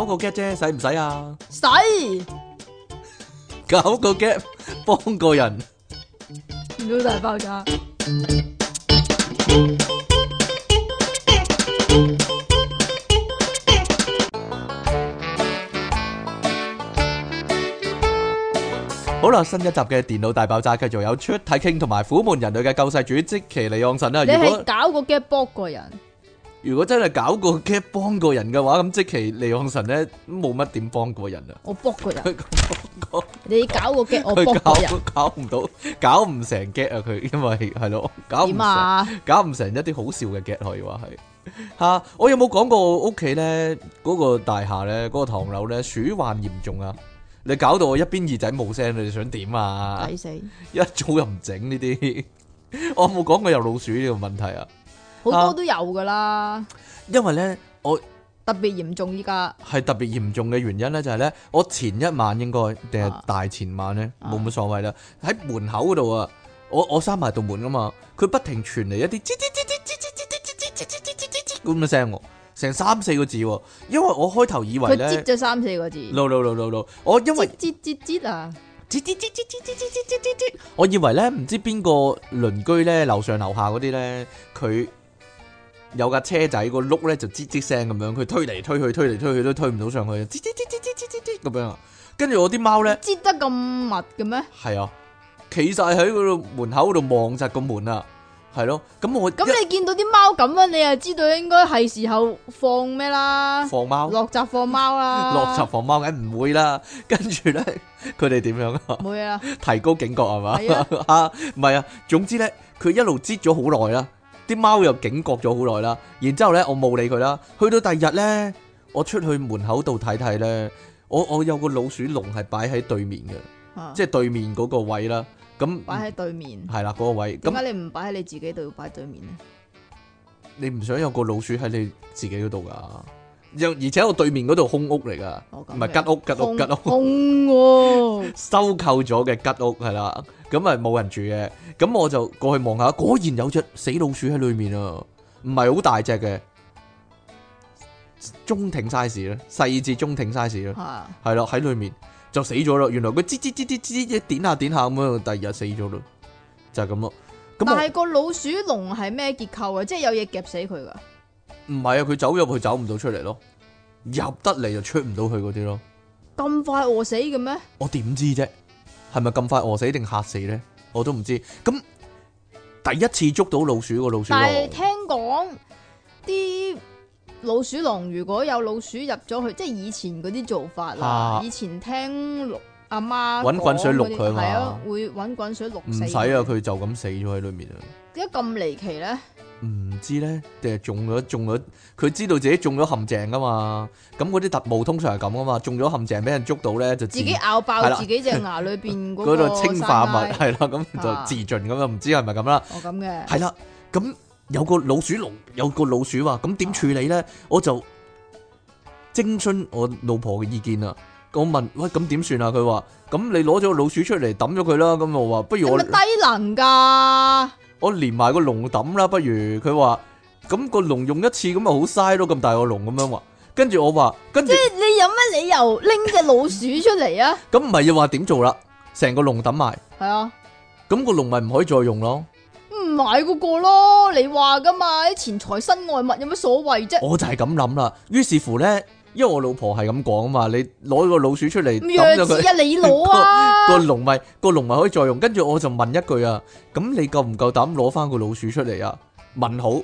搞個 gap 啫，使唔使啊？使用，搞個 gap 幫個人。電腦大爆炸。好啦，新一集嘅電腦大爆炸繼續有出體 king 同埋虎門人類嘅救世主積淇離岸神啊！你係搞個 gap 幫個人。如果真係搞個 gag 幫過人嘅話，咁即其離岸神咧冇乜點幫過人啊！我幫過人，你搞個 gag，我幫過 搞唔到，搞唔成 gag 啊！佢因為係咯，搞唔成，搞唔成一啲好笑嘅 gag 可以話係吓、 啊。我有冇講過屋企咧嗰個大廈咧嗰個唐樓咧鼠患嚴重啊！你搞到我一邊耳仔冇聲，你想點啊？抵死！一早又唔整呢啲， 我冇講過有老鼠呢個問題啊！好多都有噶啦，因為咧我特別嚴重，依家係特別嚴重嘅原因咧就係咧我前一晚應該定係大前晚咧冇乜所謂啦，喺門口嗰度啊，我我閂埋道門啊嘛，佢不停傳嚟一啲「吱吱吱吱吱吱吱吱」咁嘅聲，成三四個字，因為我開頭以為佢截咗三四個字，no no no no no，我因為截截截啊，截截截截截截截截截，我以為咧唔知邊個鄰居咧樓上樓下嗰啲咧佢。有架車仔個轆咧就吱吱聲咁樣，佢推嚟推去，推嚟推去都推唔到上去，吱吱吱吱吱吱吱咁樣。跟住我啲貓咧，擠得咁密嘅咩？係啊，企晒喺嗰度門口度望實個門啊。係咯、啊。咁、嗯、我咁你見到啲貓咁啊，你又知道應該係時候放咩啦？放貓貓落閘放貓啦。 落閘放貓梗唔會啦。跟住咧，佢哋點樣啊？冇嘢啦。提高警覺係嘛？ 啊，唔係啊，總之咧，佢一路擠咗好耐啦。啲貓又警覺咗好耐啦，然之後呢，我冇理佢啦。去到第二日呢，我出去門口度睇睇呢。我我有個老鼠籠係擺喺對面嘅，啊、即係對面嗰個位啦。咁擺喺對面係啦嗰個位。點解你唔擺喺你自己度，要擺對面呢？你唔想有個老鼠喺你自己嗰度噶？又而且我對面嗰度空屋嚟噶，唔係吉屋吉屋吉屋，空哦，收購咗嘅吉屋係啦，咁咪冇人住嘅，咁我就過去望下，果然有隻死老鼠喺裏面啊，唔係好大隻嘅，中庭 size 咧，細至中庭 size 啦，係咯喺裏面就死咗咯，原來佢吱吱吱吱吱一點下點下咁樣，第二日死咗咯，就係咁咯。但係個老鼠籠係咩結構啊？即係有嘢夾死佢噶？唔係啊，佢走入去走唔到出嚟咯，入得嚟就出唔到去嗰啲咯。咁快餓死嘅咩？我點知啫？係咪咁快餓死定嚇死咧？我都唔知。咁第一次捉到老鼠個老鼠籠，聽講啲老鼠籠如果有老鼠入咗去，即係以前嗰啲做法啦。啊、以前聽阿媽搵滾水碌佢，係啊，會搵滾水碌死。唔使啊，佢就咁死咗喺裏面啊。點解咁離奇咧？唔知咧，定係中咗中咗？佢知道自己中咗陷阱噶嘛？咁嗰啲特務通常係咁噶嘛？中咗陷阱俾人捉到咧，就自，自己咬爆自己隻牙裏邊嗰個氰 化物，係啦、啊，咁就自盡咁啦。唔知係咪咁啦？哦，咁嘅係啦。咁有個老鼠籠，有個老鼠話：咁點處理咧？啊、我就徵詢我老婆嘅意見啦。我問：喂，咁點算啊？佢話：咁你攞咗個老鼠出嚟抌咗佢啦。咁我話：不如我是不是低能噶？我連埋個籠抌啦，不如佢話咁個籠用一次咁咪好嘥咯，咁大個籠咁樣話，跟住我話，跟住你有乜理由拎隻老鼠出嚟啊？咁唔係要話點做啦？成個籠抌埋，係啊，咁個籠咪唔可以再用咯？唔買嗰個咯，你話噶嘛？啲錢財身外物有乜所謂啫？我就係咁諗啦，於是乎咧。因為我老婆係咁講啊嘛，你攞個老鼠出嚟抌咗佢。唔樣子啊，你攞啊！個籠咪個籠咪可以再用，跟住我就問一句啊，咁你夠唔夠膽攞翻個老鼠出嚟啊？問好，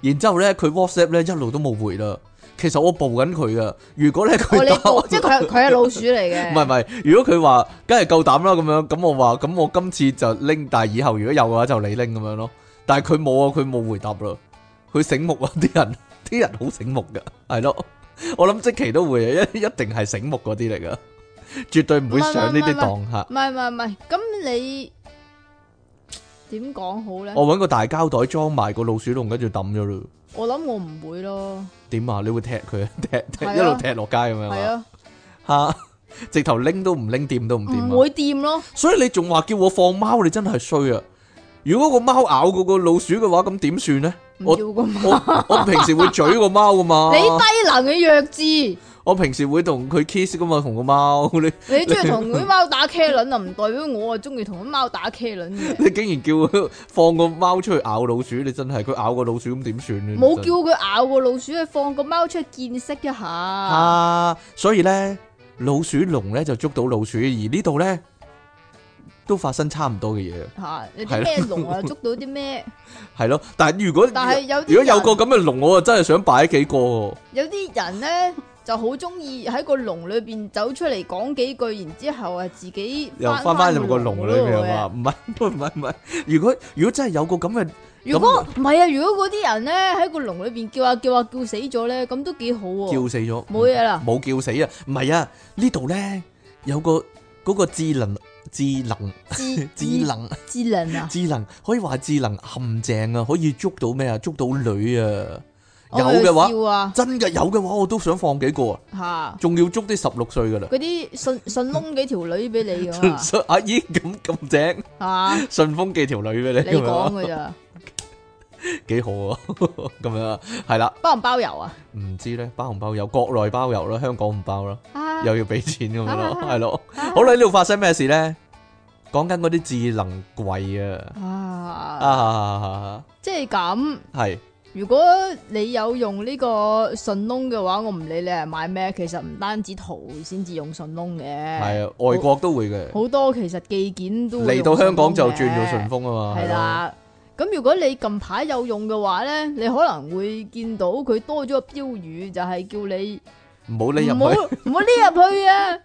然之後咧佢 WhatsApp 咧一路都冇回啦。其實我報緊佢噶，如果咧佢，我你即係佢佢係老鼠嚟嘅。唔係唔係，如果佢話，梗係夠膽啦咁樣，咁我話咁我今次就拎，但係以後如果有嘅話就你拎咁樣咯。但係佢冇啊，佢冇回答啦。佢醒目啊，啲人啲人好醒目噶，係咯。我諗積淇都會一一定係醒目嗰啲嚟噶，絕對唔會上呢啲當客。唔係唔係唔係，咁你點講好咧？我搵個大膠袋裝埋個老鼠籠，跟住抌咗咯。我諗我唔會咯。點啊？你會踢佢，踢一路踢落街咁樣係啊？吓，啊啊、 直頭拎都唔拎掂，都唔掂、啊，唔、嗯、會掂咯。所以你仲話叫我放貓，你真係衰啊！如果個貓咬嗰個老鼠嘅話，咁點算咧？我我，我平時會嘴個貓噶嘛， 你低能嘅弱智。我平時會同佢 kiss 噶嘛，同個貓你。你中意同啲貓打茄輪啊？唔代表我啊中意同啲貓打茄輪。你竟然叫佢放個貓出去咬老鼠，你真係佢咬過老鼠咁點算咧？冇叫佢咬過老鼠，放個貓出去見識一下。啊，所以咧，老鼠籠咧就捉到老鼠，而呢度咧。都發生差唔多嘅嘢，啲咩籠啊？龍啊 捉到啲咩？係咯， 但係如果但係有如果有個咁嘅籠，我啊真係想擺幾個。有啲人咧就好中意喺個籠裏邊走出嚟講幾句，然之後啊自己翻又翻翻入個籠裏邊啊？唔係唔係唔係，如果如果真係有個咁嘅，如果唔係啊，如果嗰啲人咧喺個籠裏邊叫啊叫啊叫死咗咧，咁都幾好啊！叫死咗冇嘢啦，冇、啊、叫死，叫死啊？唔係啊，呢度咧有個嗰、那個智能。智能，智能，智能啊！智能可以話智能陷阱啊！可以捉到咩啊？捉到女啊！有嘅話，真嘅有嘅話，我都想放幾個啊！吓，仲要捉啲十六歲噶啦！嗰啲順順風幾條女俾你啊！阿姨咁咁正啊！順風寄條女俾你，你講噶咋？幾好啊，咁樣係啦，包唔包郵啊？唔知咧，包唔包郵？國內包郵咯，香港唔包咯，又要俾錢咁樣咯，係咯。好啦，呢度發生咩事咧？講緊嗰啲智能櫃啊，啊，即係咁係。如果你有用呢個順豐嘅話，我唔理你係買咩，其實唔單止淘先至用順豐嘅，係啊，外國都會嘅，好多其實寄件都嚟到香港就轉做順豐啊嘛，係啦。咁如果你近排有用嘅話咧，你可能會見到佢多咗個標語，就係叫你唔好匿入去，唔好匿入去啊！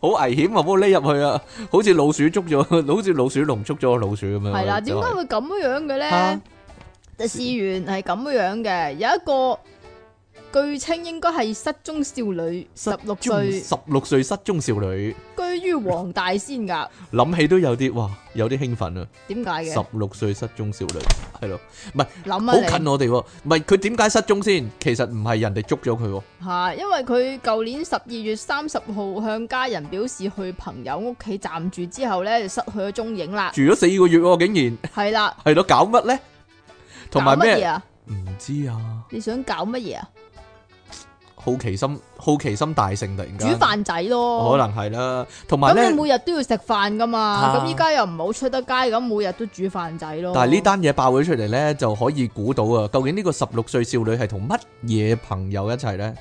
好危險啊！唔好匿入去啊！好似老鼠捉咗，好似老鼠籠捉咗老鼠咁樣。係啦，點解會咁樣嘅咧？試完係咁樣嘅，有一個。據稱應該係失蹤少女十六歲，十六歲失蹤少女居於黃大仙噶，諗起都有啲哇，有啲興奮啊！點解嘅？十六歲失蹤少女係咯，唔係諗啊，好近我哋，唔係佢點解失蹤先？其實唔係人哋捉咗佢，吓，因為佢舊年十二月三十號向家人表示去朋友屋企暫住之後咧，就失去咗蹤影啦。住咗四個月，竟然係啦，係咯，搞乜咧？同埋咩啊？唔知啊？你想搞乜嘢啊？好奇心好奇心大盛，突然間煮飯仔咯，可能係啦，同埋咧，咁你每日都要食飯噶嘛？咁依家又唔好出得街，咁每日都煮飯仔咯。但係呢單嘢爆咗出嚟咧，就可以估到啊！究竟呢個十六歲少女係同乜嘢朋友一齊咧？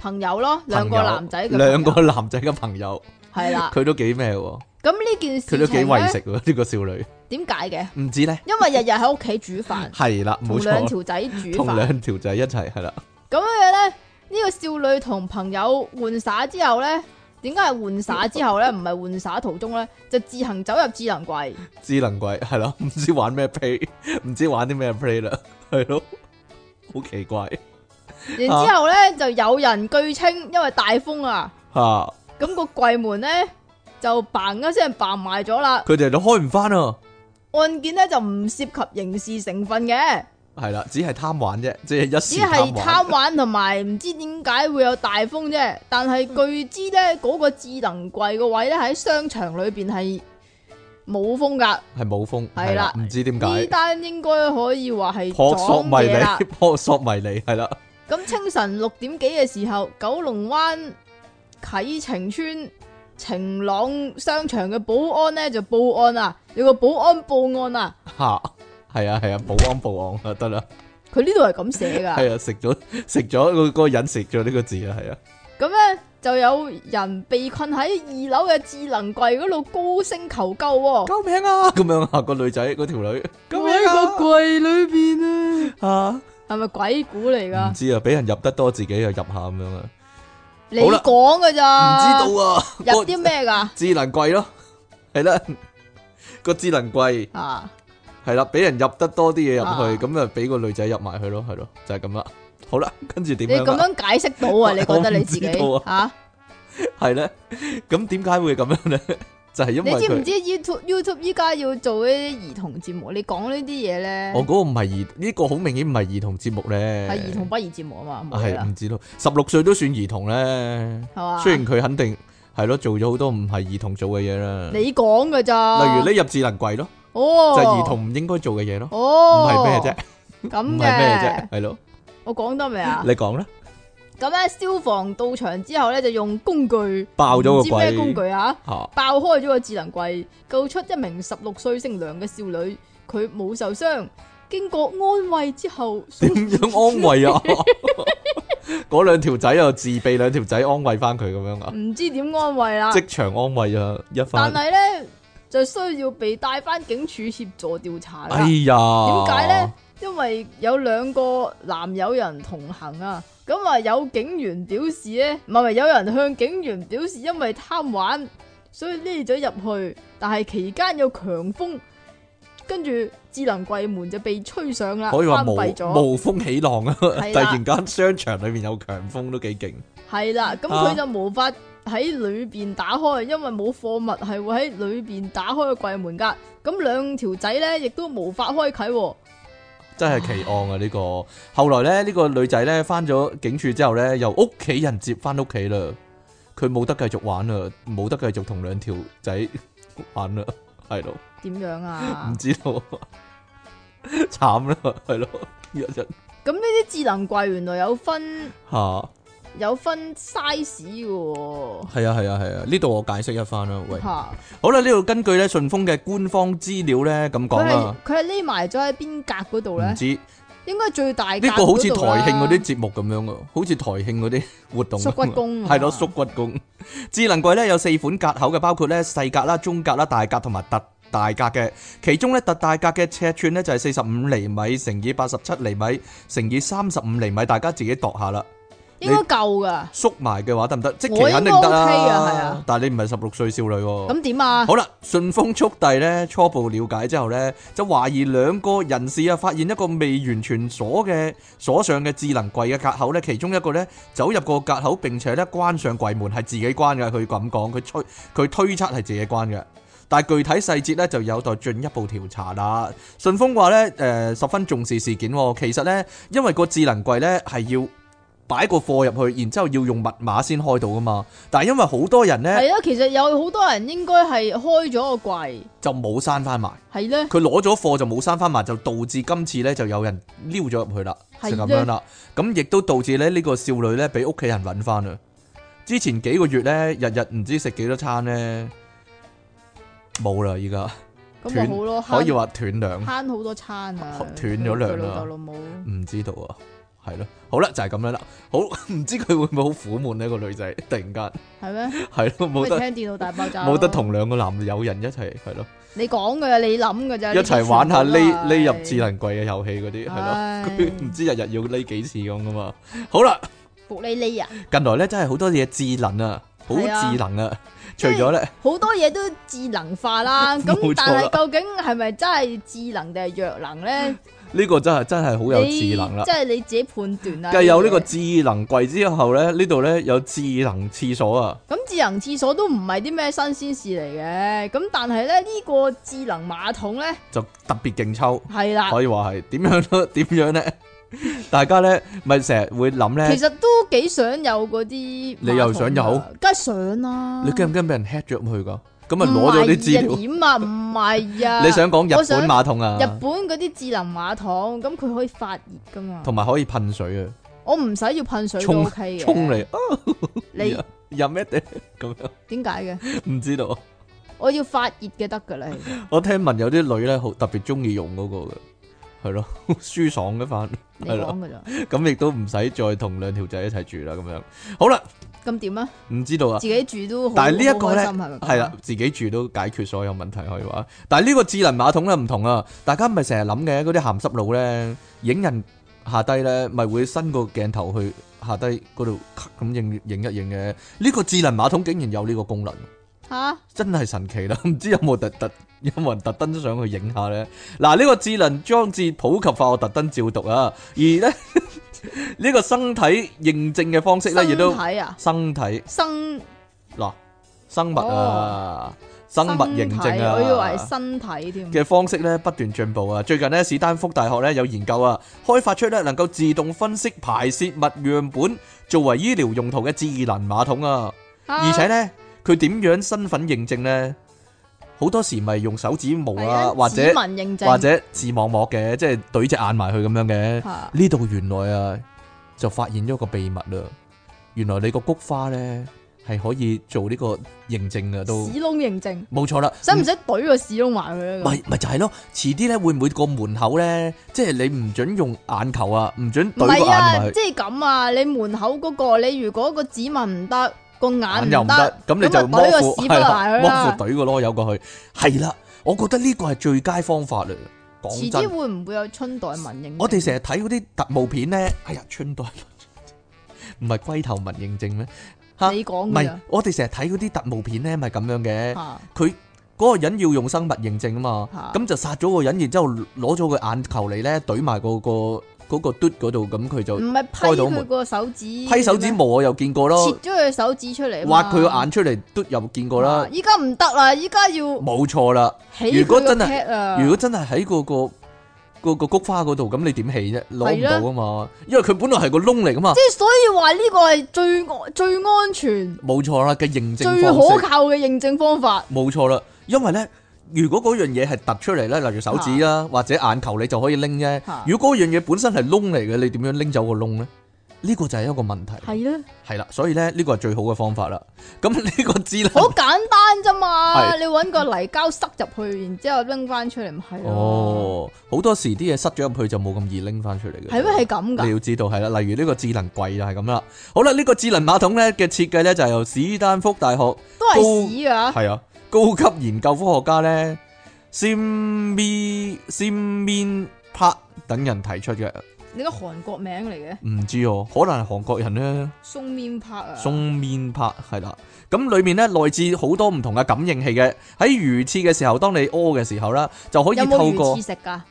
朋友咯，兩個男仔，兩個男仔嘅朋友係啦，佢都幾咩？咁呢件事，佢都幾為食呢個少女。點解嘅？唔知咧，因為日日喺屋企煮飯係啦，同兩條仔煮飯，同兩條仔一齊係啦，咁樣嘢咧。呢個少女同朋友換晒之後咧，點解係換晒之後咧，唔係換晒途中咧，就自行走入智能櫃？智能櫃係啦，唔知玩咩 play，唔知玩啲咩 play 啦，係咯，好奇怪。然後之後咧、啊、就有人據稱，因為大風啊，吓，咁個櫃門咧就嘭一聲嘭埋咗啦，佢哋就開唔返啊。案件咧就唔涉及刑事成分嘅。係啦，只係貪玩啫，即係一時貪玩。只係貪玩，同埋唔知點解會有大風啫。 但係據知咧，嗰、嗰個智能櫃嘅位咧喺商場裏邊係冇風噶，係冇風。係啦了，唔了知點解呢單應該可以話係撲朔迷離，撲朔迷離係啦。咁 清晨六點幾嘅時候，九龍灣啟晴邨晴朗商場嘅保安咧就報案啦，有個保安報案啦。 係啊，係啊，保安報案啊，得啦。佢呢度係咁寫噶。係啊，食咗食咗個個人食咗呢個字啊，係啊。咁咧就有人被困喺二樓嘅智能櫃嗰度高聲求救。救命啊！咁樣啊，個女仔嗰條女。咁喺個櫃裏邊啊。吓，係咪鬼故嚟噶？唔知啊，俾人入得多，自己又入下咁樣啊。你講噶咋？唔知道啊。入啲咩噶？智能櫃咯，係啦，個智能櫃啊。係啦，俾人入得多啲嘢，入去，咁啊俾個女仔入埋去咯，係咯，就係咁啦。好啦，跟住點樣？你咁樣解釋到啊？你覺得你自己吓？係咧，咁點解會咁樣咧？就係因為你知唔知 YouTube YouTube 依家要做啲兒童節目？你講呢啲嘢咧？我嗰個唔係兒呢個好明顯唔係兒童節目咧。係兒童不宜節目啊嘛，係唔知道，十六歲都算兒童咧。係嘛？雖然佢肯定係咯，做咗好多唔係兒童做嘅嘢啦。你講噶咋？例如你入智能櫃咯。就係兒童唔應該做嘅嘢咯，哦，係咩啫，咁嘅咩啫，係咯。我講得未啊？你講啦。咁咧，消防到場之後咧，就用工具爆咗個櫃，唔知咩工具啊？爆開咗個智能櫃，救出一名十六歲姓梁嘅少女，佢冇受傷。經過安慰之後，點樣安慰啊？嗰兩條仔又自備兩條仔安慰翻佢咁樣啊？唔知點安慰啦。職場安慰啊，一翻。但係咧。就需要被帶翻警署協助調查。哎呀，點解呢？因為有兩個男友人同行啊。咁啊，有警員表示呢，唔係有人向警員表示，因為貪玩所以匿咗入去，但係期間有強風，跟住智能櫃門就被吹上啦，關閉咗。蔽無風起浪啊！ 突然間商場裏面有強風都幾勁。係啦、啊，咁佢就無法。啊喺裏邊打開，因為冇貨物係會喺裏邊打開個櫃門噶。咁兩條仔咧，亦都無法開啟。真係奇案啊！呢、啊這個後來咧，呢、這個女仔咧翻咗警署之後咧，由屋企人接翻屋企啦。佢冇得繼續玩啦，冇得繼續同兩條仔玩啦，係咯。點樣啊？唔知道，慘 啦，係咯。咁呢啲智能櫃原來有分吓。啊有分 size 嘅。哦，係啊，係啊，係啊！呢度，啊啊，我解釋一番啦，喂，啊，好啦，呢度根據咧順豐嘅官方資料咧咁講啊，佢係匿埋咗喺邊格嗰度咧，唔知，應該最大。呢個好似台慶嗰啲節目咁樣嘅，好似台慶嗰啲活動。縮骨功係咯，縮 骨功。 智能櫃咧有四款格口嘅，包括咧細格啦、中格啦、大格同埋特大格嘅，其中咧特大格嘅尺寸咧就係四十五厘米乘以八十七厘米乘以三十五厘米，大家自己度下啦。應該夠噶，縮埋嘅話得唔得？即係肯定得啦，係啊。但係你唔係十六歲少女，咁點啊？好啦，順豐速遞咧初步了解之後咧，就懷疑兩個人士啊，發現一個未完全鎖嘅鎖上嘅智能櫃嘅隔口咧，其中一個咧走入個隔口，並且咧關上櫃門係自己關嘅，佢咁講，佢推佢推測係自己關嘅，但係具體細節咧就有待進一步調查啦。順豐話咧，誒，十分重視事件。其實咧，因為個智能櫃咧係要。擺個貨入去，然之後要用密碼先開到噶嘛？但係因為好多人呢，係啊，其實有好多人應該係開咗個櫃就冇閂翻埋，係咧的，佢攞咗貨就冇閂翻埋，就導致今次呢就有人溜咗入去啦，就咁的樣啦。咁亦都導致咧呢個少女呢，俾屋企人揾翻啦。之前幾個月呢，日日唔知食幾多餐呢，冇啦，依家斷可以話斷糧，慳好多餐，斷咗糧啦，老豆老母唔知道啊。係咯，好啦，就係咁樣啦。好，唔知佢會唔會好苦悶呢一個女仔突然間係咩？係咯，冇得聽電腦大爆炸，冇得同兩個男友人一齊，係咯。你講嘅，你諗嘅啫。一齊玩下匿匿入智能櫃嘅遊戲嗰啲，係咯。佢唔知日日要匿幾次咁噶嘛。好啦，伏匿匿啊！近來咧真係好多嘢，智能啊，好智能啊。除咗咧，好多嘢都智能化啦。咁但係究竟係咪真係智能定係弱能咧？呢個真係真係好有智能啦！即係你，你自己判斷啊。繼有呢個智能櫃之後咧，呢度咧有智能廁所啊。咁、嗯、智能廁所都唔係啲咩新鮮事嚟嘅，咁但係咧呢、呢個智能馬桶咧就特別勁抽。係啦，可以話係。點樣咧？點樣咧？ 大家咧咪成日會諗咧？ 其實都幾想有嗰啲，你又想有，梗係想啦、啊。你驚唔驚俾人 hit 咗咁去噶？咁咪攞咗啲資料？啊，唔係啊！啊 你想講日本馬桶啊？日本嗰啲智能馬桶，咁佢可以發熱噶嘛？同埋可以噴水，噴水以啊！我唔使要噴水都 OK 嘅。沖嚟啊！你有咩地咁 這樣？點解嘅？唔知道。我要發熱嘅得噶啦。 我聽聞有啲女咧好特別中意用嗰個嘅，係咯，舒 爽一的番，係咯，咁亦都唔使再同兩條仔一齊住啦，咁樣。好啦。咁點啊？唔知道啊！自己住都，但係呢一個咧，係啦、啊，自己住都解決所有問題可以話。但係呢個智能馬桶咧唔同啊，大家咪成日諗嘅嗰啲鹹濕佬咧，影人，人下低咧，咪會伸個鏡頭去下低嗰度，咁影影一影嘅。呢、這個智能馬桶竟然有呢個功能，吓哈，真係神奇啦！唔知有冇特特有冇人特登都想去影下咧？嗱，呢、這個智能裝置普及化，我特登照讀啊！而咧。 呢個身體認證嘅方式咧，亦都身體、啊、生嗱體生，生物啊，哦、生物認證啊，我以為係身體添嘅方式咧，不斷進步啊！最近呢，史丹福大學咧有研究啊，開發出咧能夠自動分析排泄物樣本作為醫療用途嘅智能馬桶啊，而且呢，佢點樣身份認證呢？好多時咪用手指模啦，的或者指紋認證，或者視網膜嘅，即係懟隻眼埋去咁樣嘅。呢度的原來啊，就發現咗個秘密啦。原來你個菊花咧係可以做呢個認證嘅，都屎窿認證，冇錯啦。使唔使懟個屎窿埋去？咪咪、嗯、就係、是、咯，遲啲咧會唔會個門口咧，即、就、係、是、你唔准用眼球眼啊，唔准懟個眼埋去即係咁啊！你門口嗰、那個，你如果個指紋唔得。個眼又唔得，咁你就摸副，摸副懟個咯，有過去，係啦，我覺得呢個係最佳方法啦。講真，會唔會有春袋文認證？我哋成日睇嗰啲特務片咧，哎呀，春袋唔係龜頭文認證咩？吓，你講唔係？我哋成日睇嗰啲特務片咧，咪咁樣嘅，佢嗰個人要用生物認證啊嘛，咁就殺咗個人，然之後攞咗個眼球嚟咧懟埋個個。嗰個嘟嗰度，咁佢就唔係，批到佢個手指，批手指模乜？我又見過咯，切咗佢手指出嚟，挖佢個眼出嚟，嘟又見過啦。依家唔得啦，依家要冇錯啦。如果真係如果真係喺嗰個嗰個菊花嗰度，咁你點起啫？攞唔到啊嘛，係因為佢本來係個窿嚟啊嘛。即係所以話呢個係最最安全，冇錯啦嘅認證方法，最可靠嘅認證方法，冇錯啦，因為咧。如果嗰樣嘢係突出嚟咧，例如手指啦，啊、或者眼球，你就可以拎啫。啊、如果嗰樣嘢本身係窿嚟嘅，你點樣拎走個窿咧？呢個就係一個問題。係啦的，所以咧呢個係最好嘅方法啦。咁呢個智能好簡單啫嘛，的你搵個泥膠塞入去，然之後拎翻出嚟，咪係咯。哦，好多時啲嘢塞咗入去就冇咁易拎翻出嚟嘅。係咩？係咁噶？你要知道係啦。例如呢個智能櫃就係咁啦。好啦，呢個智能馬桶咧嘅設計咧就由史丹福大學都係屎啊，係啊。高級研究科學家咧，Simin、Simin、Park 等人提出嘅。呢個韓國名嚟嘅，唔知哦，可能係韓國人咧。送面拍啊！送面拍係啦，咁裏面咧內置好多唔同嘅感應器嘅，喺魚翅嘅時候，當你屙嘅時候啦，就可以透過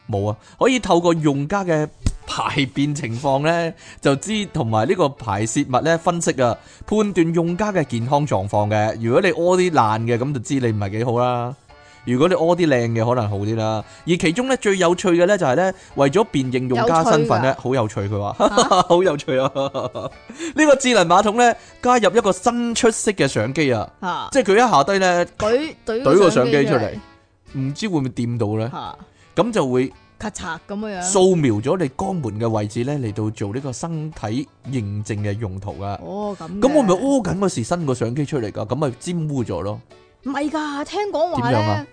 冇啊，可以透過用家嘅排便情況咧，就知同埋呢個排泄物咧分析啊，判斷用家嘅健康狀況嘅。如果你屙啲爛嘅，咁就知你唔係幾好啦。如果你屙啲靚嘅，可能好啲啦，而其中咧最有趣嘅咧就係、是、咧為咗辨認用家身份咧，好有趣佢話，好有，、啊、 有趣啊！呢 個智能馬桶咧加入一個新出色嘅相機啊，即係佢一下低咧，懟懟個相機出嚟，唔知會唔會掂到咧？咁、啊、就會咔嚓咁樣，掃描咗你肛門嘅位置咧嚟到做呢個身體認證嘅用途啊！哦咁，咁我咪屙緊嗰時新個相機出嚟噶，咁咪沾污咗咯。唔係噶，聽講話咧，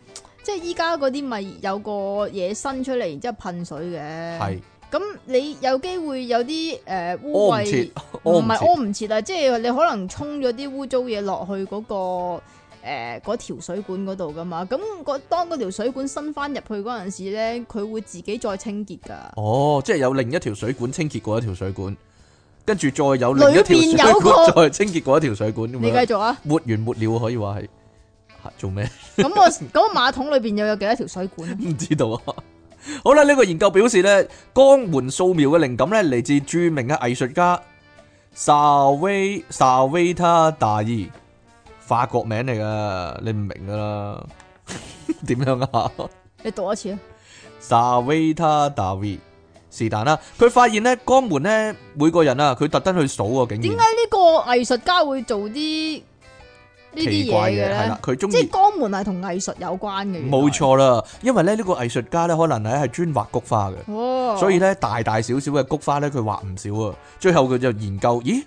即係依家嗰啲咪有個嘢伸出嚟，然之後噴水嘅。係。咁你有機會有啲誒污穢，唔係屙唔切啊！即係你可能沖咗啲污糟嘢落去嗰、嗰個誒條、呃、水管嗰度噶嘛。咁個當嗰條水管伸翻入去嗰陣時咧，佢會自己再清潔噶。哦，即係有另一條水管清潔過一條水管，跟住再有另一條水管再清潔過一條水管。水管你繼續啊！冇完冇了可以話係。做咩？咁個咁個馬桶裏邊又有幾多條水管？唔知道啊！好啦，呢個研究表示咧，肛門素描嘅靈感咧嚟自著名嘅藝術家 Savita Savita 大二，法國名嚟噶，你唔明噶啦？點樣啊？你讀一次啊？Savita 大二是但啦，佢發現咧肛門咧每個人啊，佢特登去數啊，竟然點解呢個藝術家會做啲？奇怪嘅係啦，佢中意即係肛門係同藝術有關嘅，冇錯啦。因為咧呢個藝術家咧可能咧係專畫菊花嘅，哇所以咧大大小小嘅菊花咧佢畫唔少啊。最後佢就研究，咦，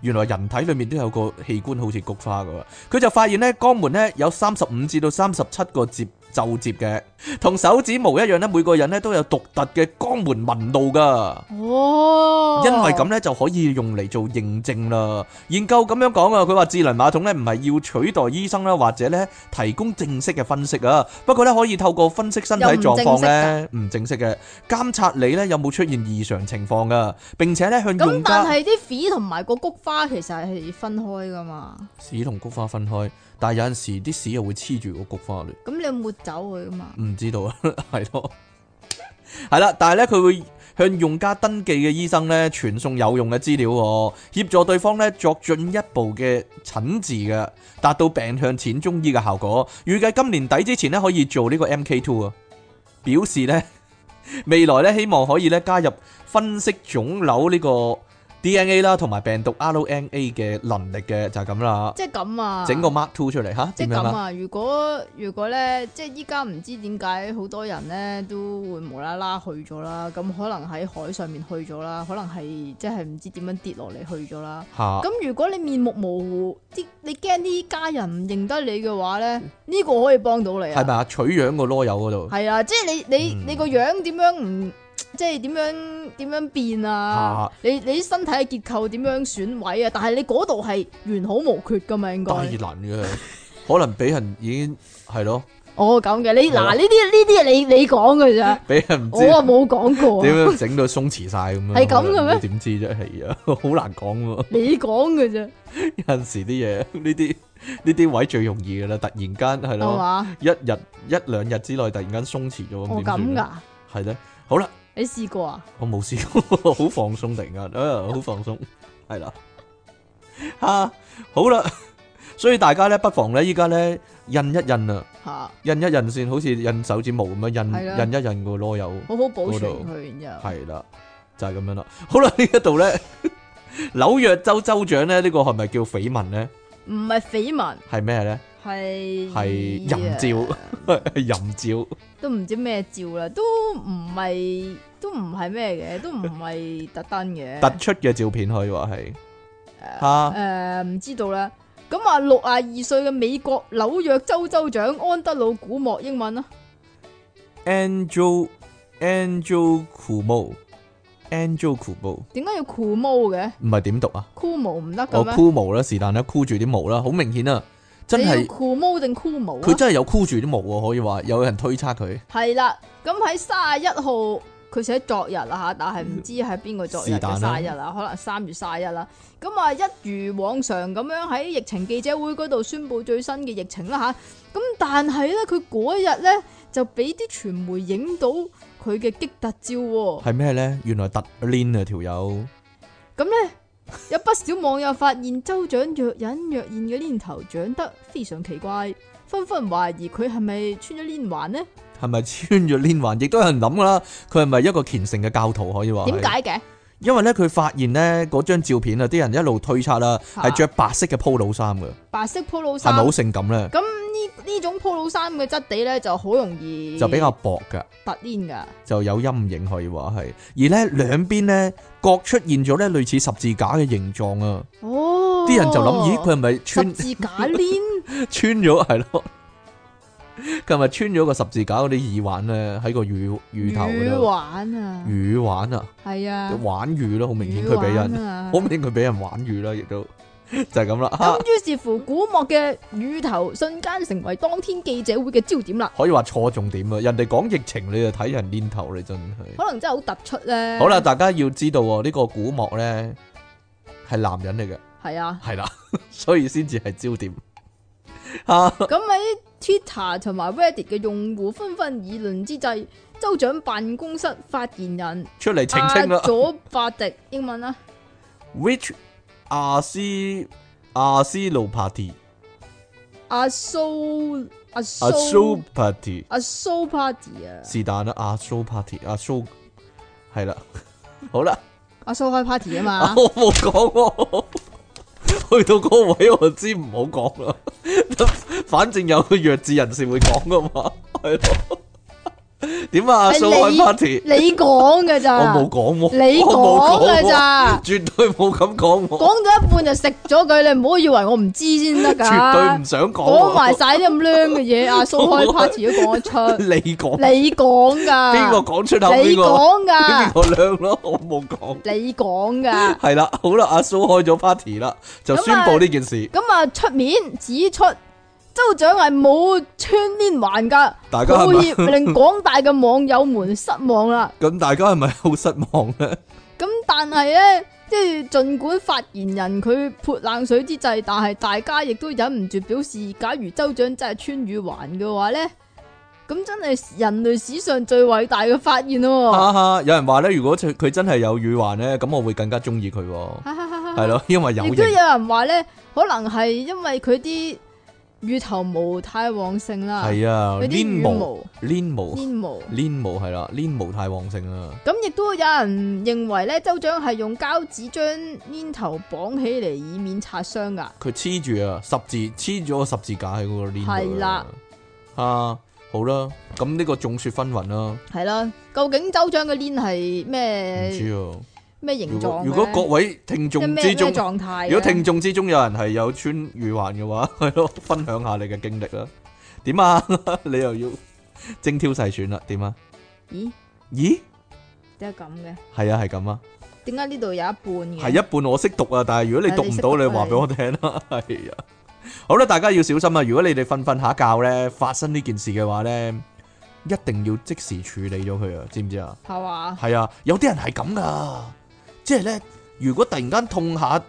原來人體裏面都有個器官好似菊花噶，佢就發現咧肛門咧有三十五至到三十七個節。就接嘅，同手指模一樣呢，每個人咧都有獨特嘅肛門紋路噶。哦哇，因為咁呢，就可以用嚟做認證啦。研究咁樣講啊，佢話智能馬桶呢唔係要取代醫生啦，或者呢，提供正式嘅分析啊。不過呢，可以透過分析身體狀況呢，唔正式嘅，監察你呢有冇出現異常情況噶，並且呢，向用咁，但係啲屎同埋個菊花其實係分開噶嘛？屎同菊花分開。但係有陣時啲屎又會黐住個菊花嚟，咁你有抹走佢噶嘛？唔知道啊，係咯，係啦。但係咧，佢會向用家登記嘅醫生咧傳送有用嘅資料，協助對方咧作進一步嘅診治嘅，達到病向淺中醫嘅效果。預計今年底之前咧可以做呢個 MK2 啊，表示咧未來咧希望可以咧加入分析腫瘤呢、呢個。DNA 啦，同埋病毒 RNA 嘅能力嘅，就係咁啦。即係咁啊！整個 Mark Two 出嚟吓，即係咁啊，如何如！如果如果咧，即係依家唔知點解好多人咧都會無啦啦去咗啦，咁可能喺海上面去咗啦，可能係即係唔知點樣跌落嚟去咗啦。吓哈！咁如果你面目模糊，啲你驚啲家人唔認得你嘅話咧，呢、這個可以幫到你啊！係咪啊？取樣個囉柚嗰度。係啊，即係你你你個樣點樣唔？嗯即係點樣點樣變啊？你你身體嘅結構點樣損毀啊？但係你嗰度係完好無缺噶嘛？應該。可能嘅，可能俾人已經係咯。哦，咁嘅你嗱呢啲呢啲你你講嘅啫。俾人唔知。我冇講過。點樣整到鬆弛晒咁樣？係咁嘅咩？點知啫？係啊，好難講喎。你講嘅啫。有陣時啲嘢，呢啲呢啲位最容易噶啦，突然間係咯，一日一兩日之內突然間鬆弛咗。哦，咁噶。係咧，好啦。你試過啊？我冇試過，好放鬆，突然間 啊，好放鬆，係啦，吓好啦，所以大家咧不妨咧，依家咧，印一印啊，吓印一印先，好似印手指模咁樣，印的印一印個囉柚，好好保存佢。然之後係啦，就係、是、咁樣啦。好啦，呢一度咧，紐約州州長咧，這個、是是呢個係咪叫緋聞咧？唔係緋聞，係咩咧？係係是淫照，淫照 淫趙 都唔知咩照啦，都唔係。都唔係咩嘅，都唔係特登嘅突出嘅照片可以話係吓誒，唔、uh, uh, 知道啦。咁啊，六十二歲嘅美國紐約州州長安德魯古莫，英文啊，Andrew Andrew Cuomo Andrew Cuomo，點解要酷毛嘅？唔係點讀啊？酷毛唔得，我酷毛啦，是但啦，酷住啲毛啦，好明顯啊，真係酷毛定酷毛？佢真係有酷住啲毛啊，可以話有人推測佢係啦。咁喺卅一號。佢寫昨日啦嚇，但係唔知係邊個昨日嘅三日啊？可能三月三日啦。咁啊，一如往常咁樣喺疫情記者會嗰度宣佈最新嘅疫情啦嚇。咁但係咧，佢嗰日咧就俾啲傳媒影到佢嘅激凸照喎。係咩咧？原來突鏈啊，條友。咁咧，有不少網友發現州長若隱若現嘅鏈頭長得非常奇怪，紛紛懷疑佢係咪穿咗鏈環呢？係咪穿咗鏈環？亦都有人諗噶啦，佢係咪一個虔誠嘅教徒可以話？點解嘅？因為咧，佢發現咧嗰張照片啊，啲人一路推測啦，係着白色嘅 polo 衫嘅。白色 polo 衫係咪好性感咧？咁呢呢種 polo 衫嘅質地咧就好容易就比較薄噶，薄鏈噶，就有陰影可以話係。而咧兩邊咧各出現咗咧類似十字架嘅形狀啊。哦，啲人就諗，咦，佢係咪穿十字架鏈？ 穿咗係咯。琴日穿咗個十字架嗰啲耳環咧，喺個魚魚頭。耳環啊！耳環啊！係啊！玩魚咯，好明顯佢俾人好、啊、明顯佢俾人玩魚啦，亦都就係咁啦。咁於是乎，古墓嘅魚頭瞬間成為當天記者會嘅焦點啦。可以話錯重點啊！人哋講疫情，你就睇人鏈頭嚟，真係。可能真係好突出咧。好啦，大家要知道哦，呢、這個古墓咧係男人嚟嘅，係啊，係啦、啊，所以先至係焦點。吓、啊、咁你？Twitter 同埋 Reddit 嘅用戶紛紛議論之際，州長辦公室發言人出嚟澄清啦。咗發、啊、迪英文啦 Which 阿 c 阿 c 路 Party？阿蘇阿蘇 party 阿蘇 party 啊，是但啦，阿蘇 party 阿蘇係啦， 好啦了，阿蘇開 party、right? 啊嘛，我冇講。去到嗰位我就知唔好講啦， 反正有個弱智人士會講噶嘛，係 咯。點啊！阿蘇開 party，你講㗎咋？我冇講喎，你講㗎咋？絕對冇咁講，講到一半就食咗佢，你唔好以為我唔知先得噶。絕對唔想講，講埋晒啲咁娘嘅嘢，阿蘇開 party 都講得出。你講，你講噶，邊個講出頭？你講噶，跟住我娘咯，我冇講。你講噶，係啦，好啦，阿蘇開咗 party 啦，就宣布呢件事。咁啊，出面指出。州長係冇穿乳環噶，所以歉 令廣大嘅網友們失望啦。咁大家係咪好失望咧？咁但係咧，即係盡管發言人佢潑冷水之際，但係大家亦都忍唔住表示，假如州長真係穿乳環嘅話咧，咁真係人類史上最偉大嘅發現咯。 有人話咧，如果佢真係有乳環咧，咁我會更加中意佢。係咯， 因為有亦都有人話咧，可能係因為佢啲。芋頭毛太旺盛啦，係啊，黏啲毛，黏毛，黏毛，黏毛係啦，黏毛，毛太旺盛啊。咁亦都有人認為咧，州長係用膠紙將黏頭綁起嚟，以免擦傷噶。佢黐住啊，十字黐咗個十字架喺嗰個黏度。係啦、啊，啊好啦，咁呢個眾說紛紜啦。係啦、啊，究竟州長嘅黏係咩？唔知啊。咩形狀？如果各位聽眾之中，如果聽眾之中有人係有穿耳環嘅話， 分享下你嘅經歷啦。點啊？ 你又要精挑細選啦？點啊？咦咦？點解咁嘅？係啊，係咁啊。點解呢度有一半嘅？係一半，我識讀啊。但係如果你讀唔到，你話俾我聽、啊、啦。係啊，好啦，大家要小心啊。如果你哋瞓瞓下覺咧，發生呢件事嘅話咧，一定要即時處理咗佢啊，知唔知啊？係嘛吧？係啊，有啲人係咁噶。即係咧，如果突然間痛下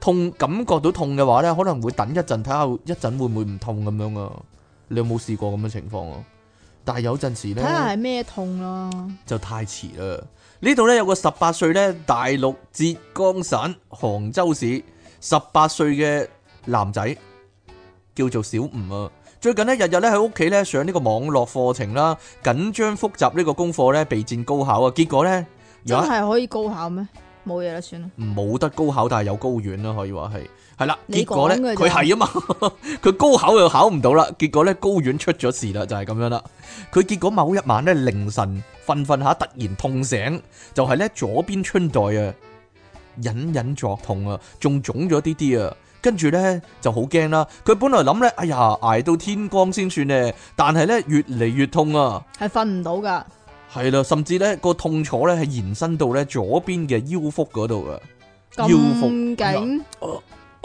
痛感覺到痛嘅話咧，可能會等一陣睇下一陣會唔會唔痛咁樣啊？你有冇試過咁嘅情況啊？但係有陣時咧，睇下係咩痛咯，就太遲啦。呢度咧有個十八歲咧，大陸浙江省杭州市十八歲嘅男仔叫做小吳啊。最近呢，日日咧喺屋企咧上呢個網絡課程啦，緊張複習呢個功課咧，備戰高考啊。結果咧，如果係可以高考咩？冇嘢啦，算啦。冇得高考，但係有高院啦，可以話係係啦。結果咧，佢係啊嘛，佢高考又考唔到啦。結果咧，高院出咗事啦，就係咁樣啦。佢結果某一晚咧，凌晨瞓瞓下突然痛醒，就係咧左邊春袋啊，隱隱作痛啊，仲腫咗啲啲啊。跟住咧就好驚啦。佢本來諗咧，哎呀，捱到天光先算咧。但係咧，越嚟越痛啊，係瞓唔到噶。係啦，甚至咧個痛楚咧係延伸到咧左邊嘅腰腹嗰度啊，腰腹勁，緊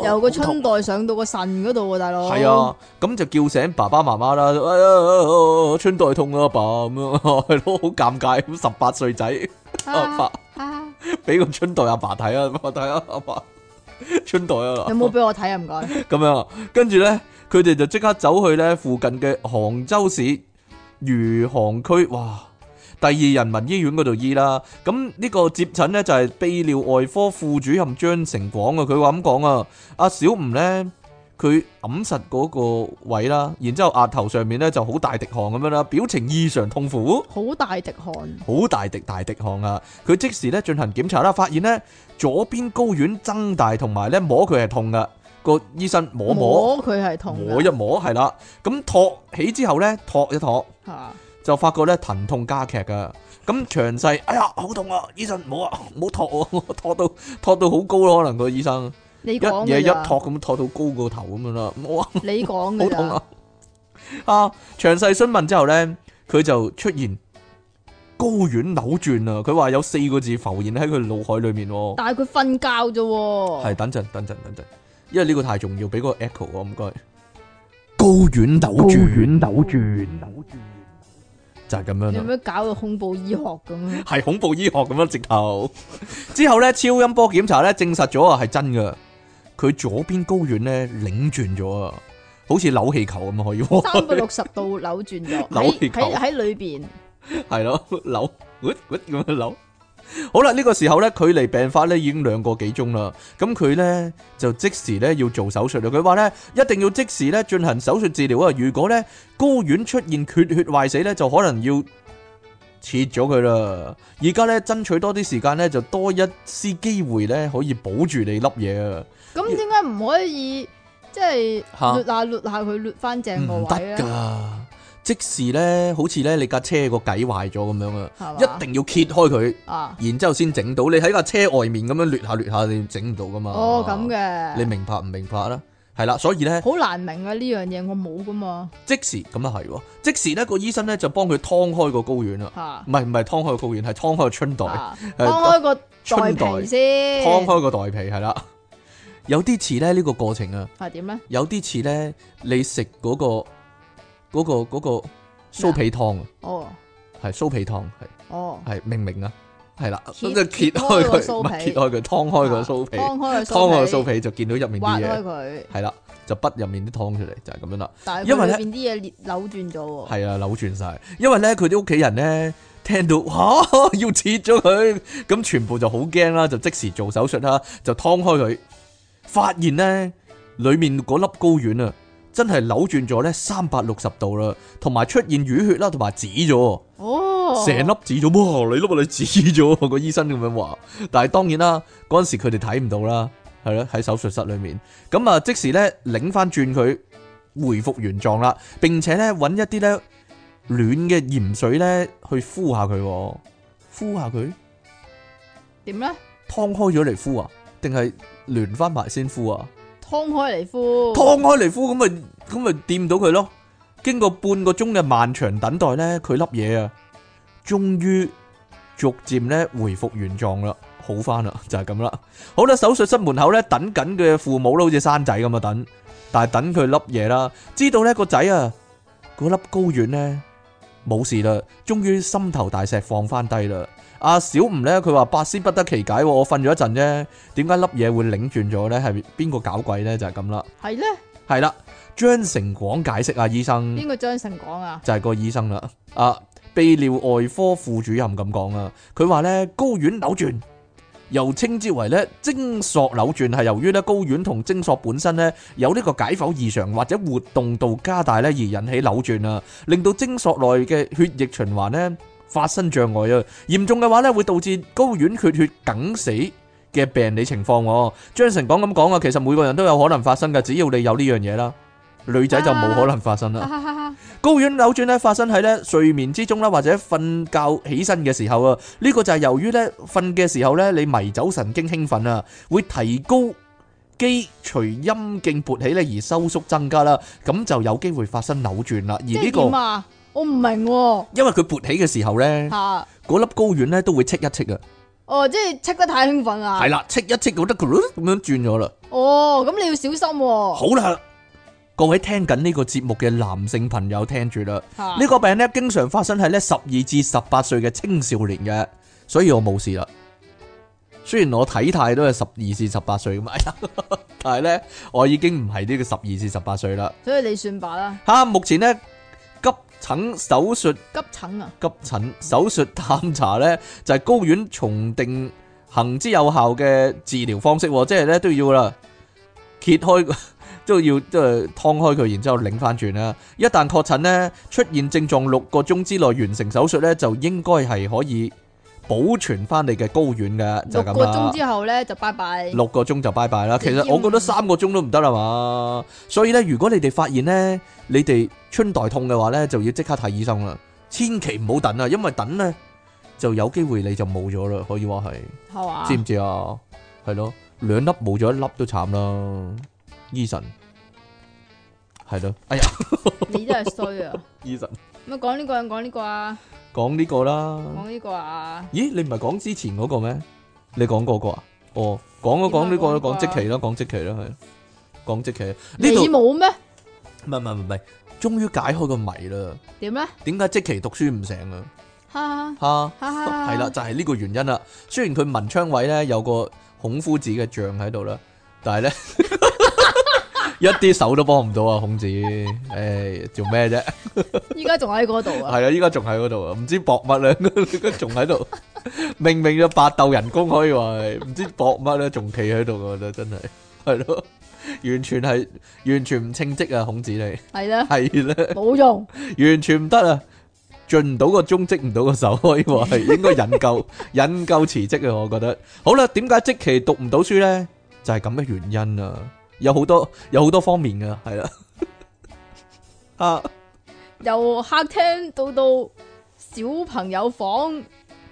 由個春袋上到個腎嗰度啊，大佬係啊，咁就叫醒爸爸媽媽啦。春袋痛啊，阿爸咁樣係咯，好、 啊、尷尬咁十八歲仔阿爸，俾 個春袋阿爸睇啊，我睇啊阿爸，爸春袋啊，有冇俾我睇啊？唔該咁樣，跟住咧佢哋就即刻走去咧附近嘅杭州市餘杭區哇。第二人民醫院嗰度醫啦，咁呢個接診呢，就係泌尿外科副主任張成廣啊，佢話咁講啊，阿小吳呢，佢揞實嗰個位啦，然之後額頭上面呢，就好大滴汗咁樣啦，表情異常痛苦，好大滴汗，好大滴大滴汗啊！佢即時呢，進行檢查啦，發現呢，左邊睾丸增大，同埋呢摸佢係痛噶，個醫生摸摸佢係痛，摸一摸係啦，咁托起之後呢，托一托。就發覺咧疼痛加劇噶，咁詳細，哎呀，好痛啊！醫生，唔好啊，唔好托我，我托到托到好高咯、啊，可能個醫生，你講說一嘢一托咁托到高過頭咁樣啦，我，你講說好痛啊！啊，詳細詢問之後咧，佢就出現睾丸扭轉啊！佢話有四個字浮現喺佢腦海裏面，但係佢瞓覺啫、啊，係等陣，等陣，等陣，因為呢個太重要，俾個 echo 啊，唔該，睾丸扭轉，睾丸轉，扭轉。就係咁樣咯，有咩搞到恐怖醫學咁樣？係恐怖醫學咁樣直頭之後咧，超音波檢查咧證實咗啊，係真噶。佢左邊睾丸咧擰轉咗啊，好似扭氣球咁啊，可以三百六十度扭轉咗，喺喺喺裏邊係咯扭，搣搣咁樣扭。好啦，呢、這個時候咧，距離病發咧已經兩個幾鐘啦。咁佢咧就即時咧要做手術啦。佢話咧一定要即時咧進行手術治療啊！如果咧睾丸出現缺血，血壞死咧，就可能要切咗佢啦。而家咧爭取多啲時間咧，就多一絲機會咧可以保住你粒嘢、就是、啊！咁點解唔可以即係捋下捋下佢捋翻正個位咧？即時咧，好似咧你架車個計壞咗咁樣啊，一定要揭開佢，然之後先整到。你喺架車外面咁樣略下略下，你整唔到噶嘛？哦，咁嘅，你明白唔明白啦？係啦，所以咧，好難明啊呢樣嘢，我冇噶嘛。即時咁啊係，即時呢個醫生咧就幫佢劏開個睾丸啦，唔係唔係劏開個睾丸，係劏開個春袋，劏開個袋皮先，劏開個袋皮係啦。有啲似咧呢個過程啊，係點咧？有啲似咧，你食嗰個。嗰、那個、那個酥皮湯啊，哦、oh.，係酥皮湯，係，哦、oh.，係明唔明啊？係啦，咁就揭開佢，揭開佢，劏開個酥皮，劏開個酥皮就見到入面啲嘢，係啦，就滗入面啲湯出嚟，就係、是、咁樣啦。但係因為咧，啲嘢扭轉咗喎，係啊，扭轉晒。因為咧，佢啲屋企人咧聽到吓、啊、 要切咗佢，咁全部就好驚啦，就即時做手術啦，就劏開佢，發現咧裏面嗰粒睾丸啊！真係扭轉咗咧三百六十度啦，同埋出現淤血啦，同埋紫咗。哦，成粒紫咗喎，你粒你紫咗個醫生咁樣話。但係當然啦，嗰陣時佢哋睇唔到啦，係咯，喺手術室裏面。咁啊即時咧擰翻轉佢回復原狀啦，並且咧搵一啲咧暖嘅鹽水咧去敷下佢，敷下佢？點咧？湯開咗嚟敷啊？定係暖翻埋先敷啊？湯開嚟敷，湯開嚟敷，咁咪咁咪掂到佢咯。經過半個鐘嘅漫長等待咧，佢粒嘢啊，終於逐漸咧回復原狀啦，好返啦，就係咁啦。好啦，手術室門口咧等緊嘅父母啦，好似生仔咁啊等，但係等佢粒嘢啦，知道咧個仔啊，嗰粒睾丸咧。冇事啦，終於心頭大石放翻低啦。阿小吳呢，佢話百思不得其解喎，我瞓咗一陣啫，點解粒嘢會擰轉咗呢？係邊個搞鬼呢？就係咁啦。係呢？係啦，張成廣解釋阿醫生。邊個張成廣啊？就係個醫生啦。啊，泌尿外科副主任咁講啊，佢話呢，睾丸扭轉。又稱之為咧，精索扭轉係由於咧睾丸同精索本身咧有呢個解剖異常或者活動度加大咧而引起扭轉啊，令到精索內嘅血液循環咧發生障礙啊，嚴重嘅話咧會導致睾丸缺血，血梗死嘅病理情況。張成講咁講啊，其實每個人都有可能發生嘅，只要你有呢樣嘢啦。女仔就冇可能發生啦。睾丸扭轉咧，發生喺咧睡眠之中啦，或者瞓覺起身嘅時候啊。呢個就係由於咧瞓嘅時候咧，你迷走神經興奮啊，會提高肌隨陰莖勃起咧而收縮增加啦，咁就有機會發生扭轉啦。即係點啊？而呢個，我唔明。因為佢勃起嘅時候咧，吓，嗰粒睾丸咧都會戚一戚啊。哦，即係戚得太興奮啊。係啦，戚一戚好得咁樣轉咗啦。哦，咁你要小心。好啦。各位聽緊呢個節目嘅男性朋友聽住啦，呢、啊、個病咧經常發生喺咧十二至十八歲嘅青少年嘅，所以我冇事啦。雖然我體態都係十二至十八歲嘅嘛，但係咧我已經唔係呢個十二至十八歲啦。所以你算罷啦。吓、啊，目前呢，急診手術，急診啊，急診手術探查呢，就係、是、高院重定行之有效嘅治療方式，即係咧都要啦，揭開。都要都係劏開佢，然之後擰翻轉啦。一旦確診咧，出現症狀六個鐘之內完成手術呢，就應該係可以保存翻你嘅睾丸嘅，就係、是、咁啦。六個鐘之後呢，就拜拜，六個鐘就拜拜啦。其實我覺得三個鐘都唔得啦嘛。嗯、所以呢，如果你哋發現呢，你哋春袋痛嘅話呢，就要即刻睇醫生啦。千祈唔好等啊，因為等呢就有機會你就冇咗啦。可以話係，吧。知唔知啊？係咯，兩粒冇咗一粒都慘啦。Eason，係咯，哎呀，你真係衰啊！Eason，咪講呢個人，講呢個啊，講呢個啦，講呢個啊，咦，你唔係講之前嗰個咩？你講嗰個啊？哦，講咗講呢個，咗講積淇咯，講積淇咯，係講積淇。呢度冇咩？唔係唔係唔係，終於解開個謎啦！點咧？點解積淇讀書唔成啊？哈，哈，係啦，就係呢個原因啦。雖然佢文昌位咧有個孔夫子嘅像喺度啦，但係咧。一啲手都幫唔到啊，孔子，誒，做咩啫？依家仲喺嗰度啊？係啊，依家仲喺嗰度啊，唔知博乜咧，仲喺度，明明咗八斗人工可以話係，唔知博乜咧，仲企喺度，我覺得真係，係咯，完全係完全唔稱職啊，孔子你係啦，係啦，冇用，完全唔得啊，盡唔到個忠，職唔到個守，可以話係應該引咎引咎辭職啊，我覺得。好啦，點解積淇讀唔到書咧？就係咁嘅原因啊！有好多有好多方面嘅係啦，吓 、啊、由客廳到到小朋友房，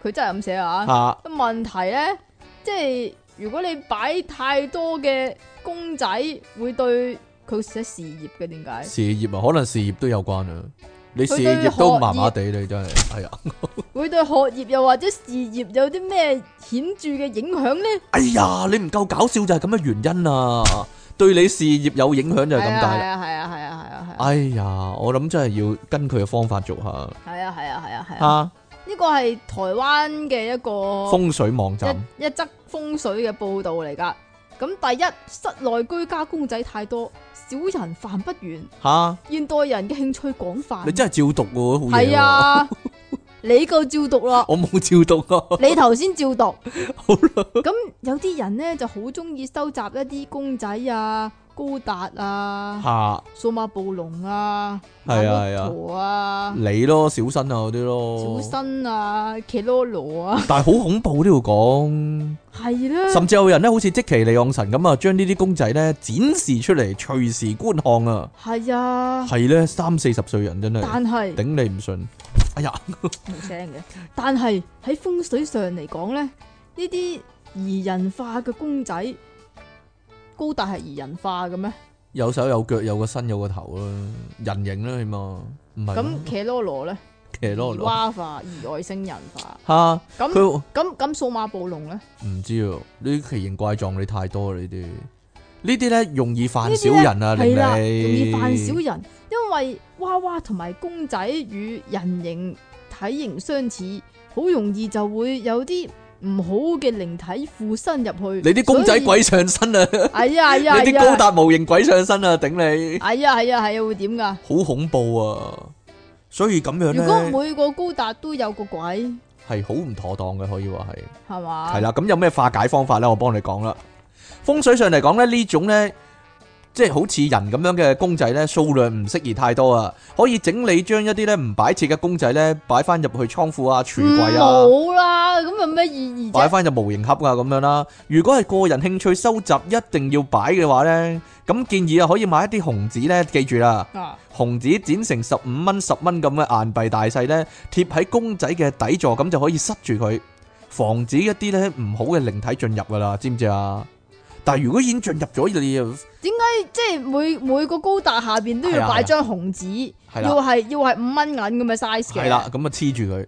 佢真係咁寫啊吓。啊問題咧，即係如果你擺太多嘅公仔，會對佢寫事業嘅點解？事業啊，可能事業都有關啊。你事業都麻麻地，你真係係啊。哎、會對學業又或者事業有啲咩顯著嘅影響咧？哎呀，你唔夠搞笑就係咁嘅原因啊！對你事業有影響就係咁解啦。係啊係啊係啊係啊，啊，啊，啊哎呀，我諗真係要跟佢嘅方法做下。係啊係啊係啊係啊！吓、啊，呢、啊啊、個係台灣嘅一個一風水網站，一則風水嘅報道嚟噶。咁第一，室內居家公仔太多，小人犯不完。吓、啊，現代人嘅興趣廣泛。你真係照讀喎，好嘢 你夠照讀咯，我冇照讀咯！你頭先照讀， 好啦了。咁有啲人咧就好中意收集一啲公仔啊。高達啊，數碼暴龍啊，大白兔啊，你咯小新啊，嗰啲咯，小新啊，奇羅羅啊，但係好恐怖都要講，係啦，甚至有人咧好似積淇離岸神咁啊，將呢啲公仔咧展示出嚟，隨時觀看啊，係啊，係咧，三四十歲人真係，但係頂你唔順，哎呀，冇聲嘅，但係喺風水上嚟講咧，呢啲擬人化嘅公仔。高達係擬人化嘅咩？有手有腳有個身有個頭啦，人形啦起碼唔係。咁騎羅羅咧？騎羅羅，蛙化，擬外星人化。吓 那，咁咁咁數碼暴龍咧？唔知啊，呢啲奇形怪狀你太多呢啲，呢啲咧容易犯小人啊，你。係啦理，容易犯小人，因為娃娃同埋公仔與人形體型相似，好容易就會有啲。唔好嘅靈體附身入去，你啲公仔鬼上身啊！哎呀哎呀，你啲高達模型鬼上身啊！頂你！係啊係啊係啊，會點噶？好恐怖啊！所以咁樣，如果每個高達都有個鬼，係好唔妥當嘅，可以話係係嘛？係啦，咁有咩化解方法咧？我幫你講啦。風水上嚟講咧，呢種咧。即係好似人咁樣嘅公仔咧，數量唔適宜太多啊！可以整理將一啲咧唔擺設嘅公仔咧擺翻入去倉庫啊、櫥櫃啊。冇啦，咁有咩意義？擺翻就模型盒㗎咁樣啦。如果係個人興趣收集一定要擺嘅話咧，咁建議啊可以買一啲紅紙咧，記住啦。啊！紅紙剪成十五蚊、十蚊咁嘅硬幣大細咧，貼喺公仔嘅底座，咁就可以塞住佢，防止一啲咧唔好嘅靈體進入㗎啦。知唔知啊？但係如果已經進入咗呢度，點解即係每每個高達下邊都要擺張紅紙的，要係要係五蚊銀咁嘅 size 嘅？係啦，咁啊黐住佢，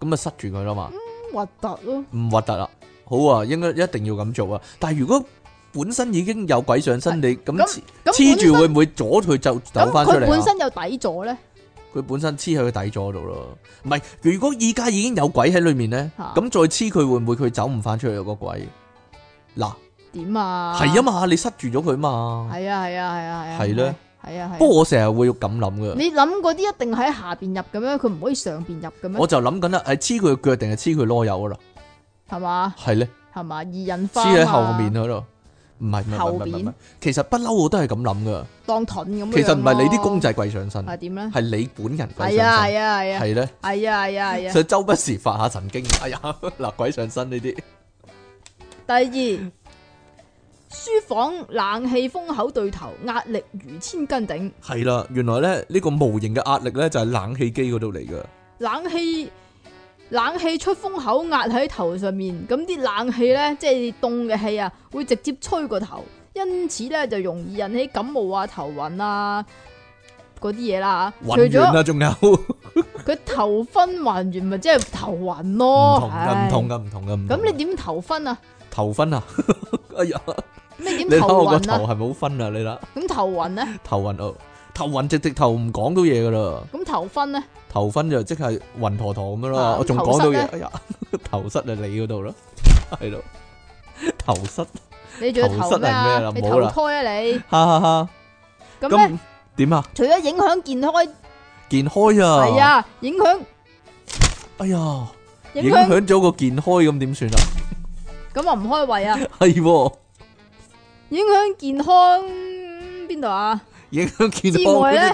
咁啊塞住佢啦嘛。核突咯，唔核突啦。好啊，應該一定要咁做啊。但係如果本身已經有鬼上身，你咁黐住身會唔會阻佢就走翻出嚟？佢本身有底咗咧？佢本身黐喺佢底咗度咯。唔係，如果依家已經有鬼喺裏面咧，咁、啊、再黐佢會唔會佢走唔翻出去個鬼？嗱。點啊？係啊嘛，你塞住咗佢啊嘛。係啊係啊係啊。係咯。係啊係。不過我成日會咁諗噶。你諗嗰啲一定喺下邊入咁樣，佢唔可以上邊入咁樣。我就諗緊啦，係黐佢腳定係黐佢囉柚啦，係嘛？係咧，係嘛？二人化黐喺後邊嗰度，唔係唔係唔係唔係。其實不嬲我都係咁諗噶。當盾咁。其實唔係你啲公仔鬼上身，係點咧？係你本人鬼上身。係啊係啊係啊。係咧。係啊係啊係啊。想周不時發下神經，係啊，嗱鬼上身呢啲。第二。書房冷氣風口對頭，壓力如千斤頂。係啦，原來咧呢個模型嘅壓力咧就係冷氣機嗰度嚟噶。冷氣冷氣出風口壓喺頭上面，咁啲冷氣咧即係凍嘅氣啊，會直接吹過頭，因此咧就容易引起感冒暈啊、頭暈啊嗰啲嘢啦。還原仲有佢了 頭昏還原咪即係頭暈咯，唔同噶，唔同噶，唔同噶。咁你點頭昏啊？頭昏啊！哎呀，你點頭暈啊？係冇分啊，你啦。咁頭暈咧？頭暈哦，頭暈直直頭唔講到嘢噶啦。咁頭昏咧？頭昏就即係暈陀陀咁噶咯。我仲講到嘢。哎呀，頭失就你嗰度咯，係咯，頭失。你仲要頭失係咩啦？你頭胎啊你。哈哈哈。咁咧？點啊？除咗影響健康，健康啊，係啊，影響。哎呀，影響咗個健康咁點算啊？咁啊，唔開胃啊，係影響健康邊度啊？影響健康之外咧，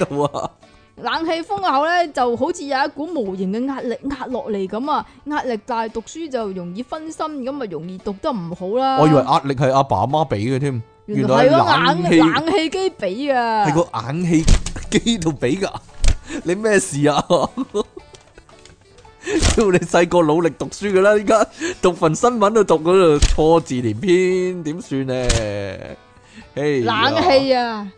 冷氣風口咧就好似有一股無形嘅壓力壓落嚟咁啊，壓力大讀書就容易分心，咁啊容易讀得唔好啦。我以為壓力係阿爸阿媽俾嘅添，原來係冷冷氣機俾啊，係個冷氣機度俾噶，你咩事啊？叫你細個努力讀書噶啦，依家讀份新聞都讀到錯字連篇，點算呢？誒、hey，冷氣啊，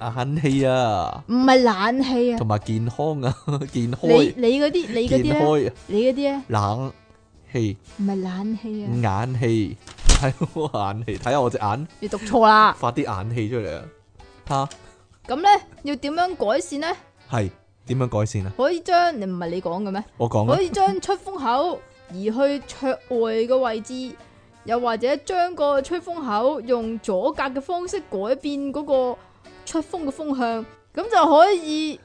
眼氣啊，唔係冷氣啊，同埋健康啊，健康。你你嗰啲你嗰啲，你嗰啲健康啊，冷氣唔係冷氣啊，眼氣係我眼氣，睇下我隻眼。你讀錯啦，發啲眼氣出嚟啊！哈，咁咧要點樣改善呢？係。點樣改善啊？可以將，你唔係你講嘅咩？我講。可以將出風口移去桌外嘅位置，又或者將個吹風口用阻隔嘅方式改變嗰個出風嘅風向，咁就可以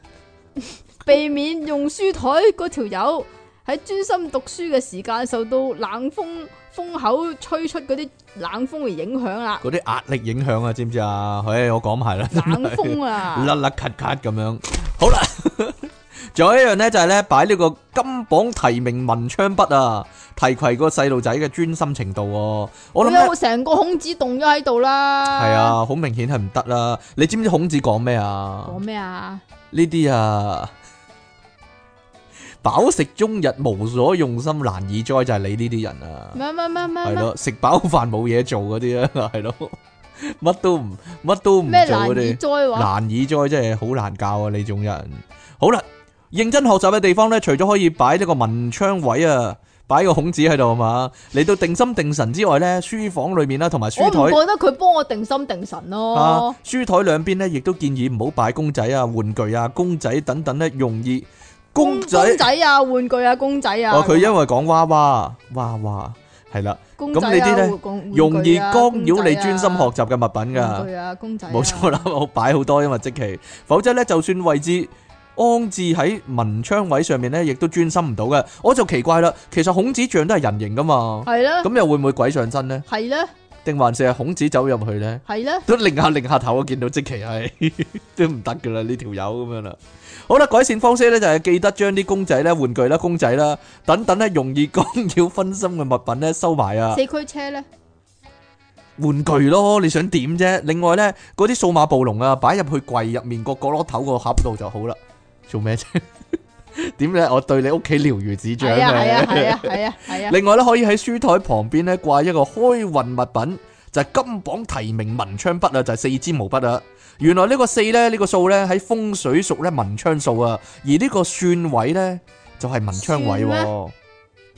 避免用書台嗰條友喺專心讀書嘅時間受到冷風。風口吹出嗰啲冷風而影響啦，嗰啲壓力影響啊，知唔知啊？唉，我講埋啦，冷風啊，甩甩咳咳咁樣。好啦，仲有一樣咧，就係咧擺呢個金榜題名文昌筆啊，提携個細路仔嘅專心程度。我諗有冇成個孔子凍咗喺度啦。係啊，好明顯係唔得啦。你知唔知孔子講咩啊？講咩啊？呢啲啊。飽食終日，無所用心，難以哉。就係你呢啲人啊！唔係咯，食飽飯冇嘢做嗰啲啊，係咯，乜都乜都唔做難以哉，難以哉。真係好難教啊！你種人，好啦，認真學習嘅地方呢，除咗可以擺一個文窗位啊，擺個孔子喺度啊嘛，嚟到定心定神之外呢，書房裏面啦，啊，同埋書台，我覺得佢幫我定心定神咯，啊啊。書台兩邊呢，亦都建議唔好擺公仔啊、玩具啊、公仔等等呢，容易。公仔，公仔啊，玩具啊，公仔啊！佢、哦、因為講娃娃，娃娃係啦，咁、啊、你啲咧、啊、容易干擾、啊、你專心學習嘅物品噶。冇錯、啊啊、啦，我擺好多，因為積淇，否則咧就算位置安置喺文昌位上面咧，亦都專心唔到噶。我就奇怪啦，其實孔子像都係人形噶嘛，係啦的，咁又會唔會鬼上身咧？係咧的，定還是係孔子走入去咧？係咧的，都擰下擰下頭我，我見到積淇係 都唔得噶啦，呢條友咁樣啦。好啦，改善方式咧，就係記得將啲公仔咧、玩具啦、公仔啦等等咧容易干擾分心嘅物品咧收埋啊。四驅車咧？玩具咯，你想點啫？另外咧，嗰啲數碼暴龍啊，擺入去櫃入面個角落頭個盒度就好啦。做咩啫？點咧？我對你屋企了如指掌啊！係啊係啊係啊係啊！另外咧，可以喺書台旁邊咧掛一個開運物品。就係金榜提名文昌筆啊！就係、是、四支毛筆啊！原來呢個四咧，呢個數咧喺風水屬咧文昌數啊，而呢個算位咧就係文昌位喎。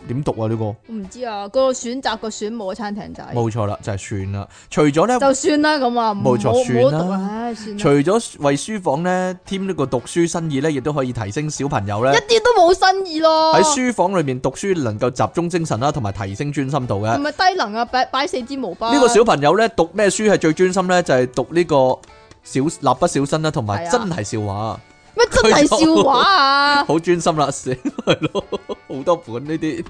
點讀啊呢個？我唔知啊，個選擇個選冇餐廳仔。冇錯啦，就係、是、算啦。除咗呢，就算啦咁啊，冇錯錯，算啦了。算了除咗為書房呢，添呢個讀書新意呢，亦都可以提升小朋友呢。一啲都冇新意咯。喺書房裏面讀書能夠集中精神啦、啊，同埋提升專心度嘅。唔係低能啊，擺四支毛筆。呢個小朋友呢，讀咩書係最專心呢？就係、是、讀呢個小蠟筆小新啦，同埋真係笑話乜真係笑話啊！ 好專心啦，死係咯， 好多款呢啲。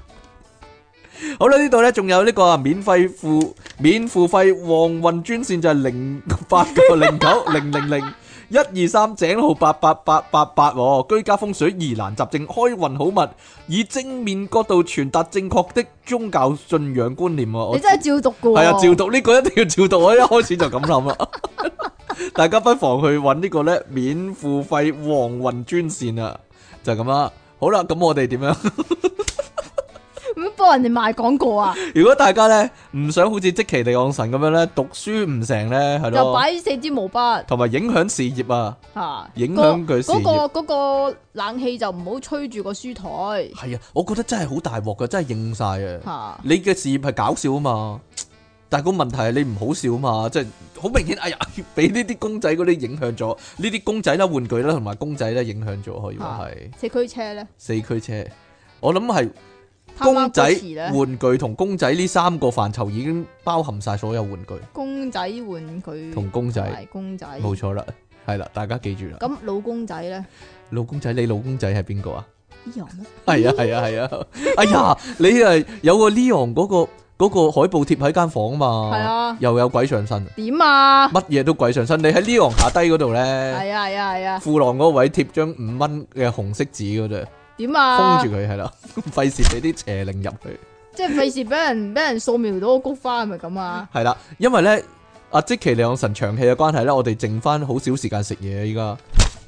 好啦、這個，呢度咧仲有呢個免費付免付費黃運專線就係零八個零九零零零。一二三井號八八八八八，居家風水疑難雜症，開運好物，以正面角度傳達正確的宗教信仰觀念。我你真係照讀噶係啊，照讀呢、呢個一定要照讀啊！ 我一開始就咁諗啦， 大家不妨去搵呢個咧免付費黃運專線啦，就咁、係、啦。好啦，咁我哋點樣？ 咁幫人哋賣廣告啊！ 如果大家咧唔想好似積淇離岸神咁樣咧，讀書唔成咧，係咯，就擺四支毛筆，同埋影響事業啊！吓、啊，影響佢事業。嗰個、嗰個冷氣就唔好吹住個書台。係啊 我覺得真係好大鑊噶，真係應晒啊！吓，你嘅事業係搞笑啊嘛，但係個問題係你唔好笑啊嘛，即係好明顯。哎呀，俾呢啲公仔嗰啲影響咗，呢啲公仔啦、玩具啦同埋公仔咧影響咗，可以話係四驅車咧。四驅車，我諗係。公仔玩具同公仔呢三個範疇已經包含晒所有玩具。公仔玩具同公仔，公仔，冇錯啦，係啦，大家記住啦。咁老公仔咧？老公仔，你老公仔係邊個啊？Leon？係啊係啊係啊！哎呀，你係有個 Leon 嗰、嗰個、嗰個海報貼喺間房啊嘛？係啊的，又有鬼上身。點啊？乜嘢都鬼上身！你喺 Leon 下低嗰度咧？係啊係啊係啊！富郎嗰位貼張五蚊嘅紅色紙嗰度。 點啊？封住佢係啦，費事俾啲邪靈入去，即係費事俾人俾人掃描到菊花，係咪咁啊？係啦，因為咧阿積淇離岸神長期嘅關係咧，我哋剩翻好少時間食嘢依家，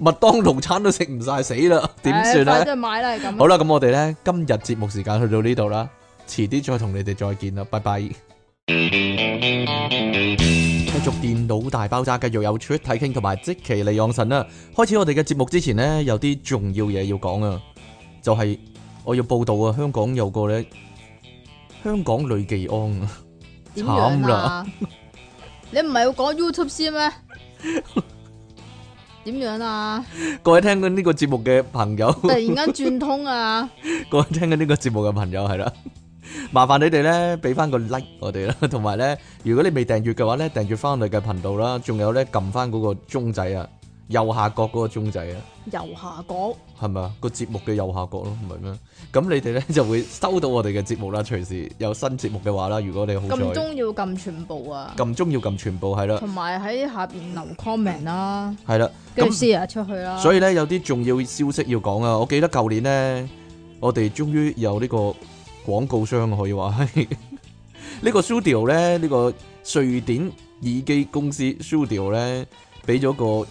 麥當勞餐都食唔晒，死啦，點算啊？反正，嗯、買啦，係咁。好啦，咁我哋咧今日節目時間去到呢度啦，遲啲再同你哋再見啦，拜拜。繼 續電腦大爆炸，繼續有出體 King，同埋積淇離岸神啦，啊。開始我哋嘅節目之前呢，有啲重要嘢要講啊。就係我要報道啊！香港有個咧，香港女記安啊，慘啦！你唔係要講 YouTube 先咩？點樣啊？各位聽緊呢個節目嘅朋友，突然間轉通啊！各位聽緊呢個節目嘅朋友係啦，麻煩你哋咧俾翻個 like 我哋啦，同埋咧如果你未訂閱嘅話咧，訂閱翻我哋嘅頻道啦，仲有咧撳翻嗰個鐘仔啊！右下角嗰個鐘仔啊！右下角係咪啊？個節目嘅右下角咯，唔係咩？咁你哋咧就會收到我哋嘅節目啦。隨時有新節目嘅話啦，如果你好中要撳全部啊！撳鐘要撳全部係啦，同埋喺下邊留 comment 啦，係啦，跟住啊出去啦。所以咧有啲重要消息要講啊！我記得舊年咧，我哋終於有呢個廣告商可以話係呢個 Sudio 咧，呢個瑞典耳機公司 Sudio 咧俾咗個。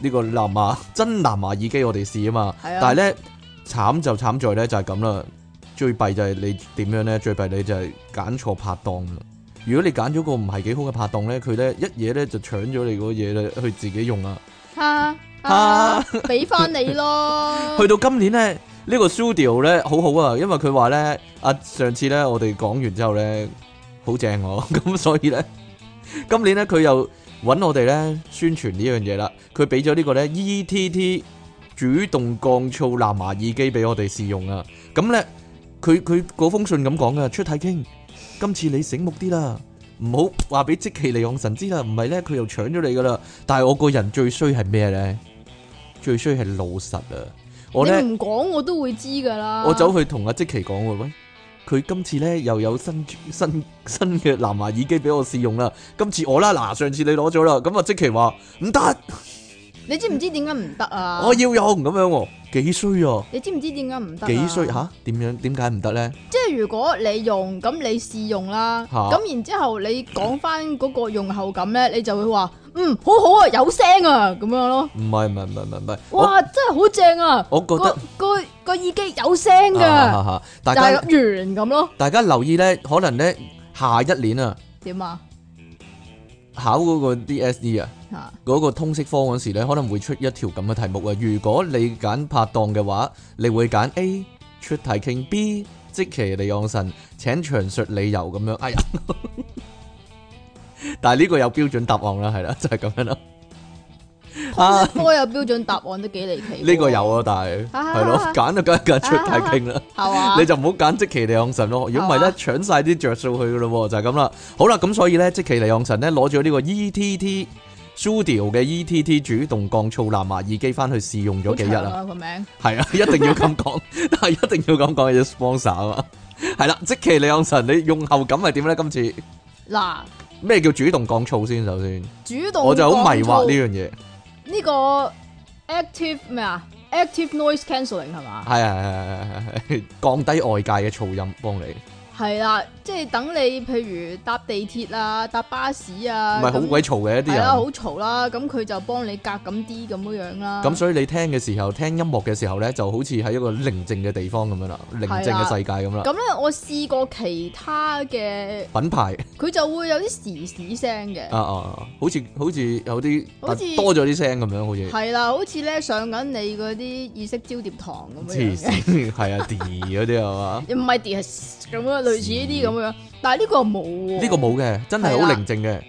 呢個藍牙真藍牙耳機我哋試啊嘛，啊但係咧慘就慘在咧就係咁啦，最弊就係你點樣咧，最弊你就係揀錯拍檔。如果你揀咗個唔係幾好嘅拍檔咧，佢咧一嘢咧就搶咗你嗰嘢咧去自己用啦、啊，哈哈，俾翻你咯。 去到今年咧呢、這個 studio 咧好好啊，因為佢話咧阿上次咧我哋講完之後咧好正我、啊，咁所以咧今年咧佢又。搵我哋咧宣傳呢樣嘢啦，佢俾咗呢個咧 E T T 主動降噪藍牙耳機俾我哋試用啊！咁咧佢佢嗰封信咁講噶， 出體 king，今次你醒目啲啦，唔好話俾積淇離岸神知啦，唔係咧佢又搶咗你噶啦！但係我個人最衰係咩咧？最衰係老實啊！我咧你唔講我都會知噶啦，我走去同阿積淇講喎。喂佢今次咧又有新新新嘅藍牙耳機俾我試用啦，今次我啦，嗱，上次你攞咗啦，咁啊即刻話唔得，你知唔知點解唔得啊？ 我要用咁樣喎、哦，幾衰啊！你知唔知點解唔得？幾衰吓？點、啊、樣？點解唔得咧？即係如果你用，咁你試用啦，咁、啊、然之後你講翻嗰個用後感咧， 你就會話。嗯，好好啊，有聲啊，咁樣咯。唔係唔係唔係唔係。哇，我真係好正啊！我覺得個個，個耳機有聲噶，但係圓咁咯。大家留意呢，可能呢，下一年啊，點啊？考嗰個 DSE 啊，嗰個通識科嗰時咧，可能會出一條咁嘅題目啊。如果你揀拍檔嘅話，你會揀 A 出體 king B，積淇離岸神請詳述理由咁樣。哎呀！ 但係呢個有標準答案啦，係啦，就係、是、咁樣咯。啊，科有標準答案都幾離奇。呢、啊這個有啊，但係係咯，揀就梗加出體 king 啦。係啊， 吧你就唔好揀積淇離岸神咯。如果唔係咧，搶晒啲着數去噶咯，就係咁啦。好啦，咁所以咧，積淇離岸神咧，攞咗呢個 E T T Studio 嘅 E T T 主動降噪藍牙耳機翻去試用咗幾日啊？個名係啊， 一定要咁講，但係一定要咁講嘅 sponsor 啊。係啦， 積淇離岸神，你用後感係點咧？今次嗱。咩叫主動降噪先？首先，主動我就好迷惑呢樣嘢。呢個 active 咩啊？active noise cancelling 係嘛？係啊，係係係係係降低外界嘅噪音幫你。係啦、啊。即係等你，譬如搭地鐵啊，搭巴士啊，唔係好鬼嘈嘅一啲人，係啊，好嘈啦。咁佢就幫你隔咁啲咁樣樣啦。咁所以你聽嘅時候，聽音樂嘅時候咧，就好似喺一個寧靜嘅地方咁樣啦，寧靜嘅世界咁啦。咁咧，我試過其他嘅品牌，佢就會有啲時時聲嘅。好似好似有啲多咗啲聲咁樣，好似係啦，好似咧上緊你嗰啲意識焦碟堂咁樣嘅。時係啊，啲嗰啲係嘛？唔係啲係咁啊，類似呢啲咁。但係呢個冇喎、啊，呢個冇嘅，真係好寧靜嘅，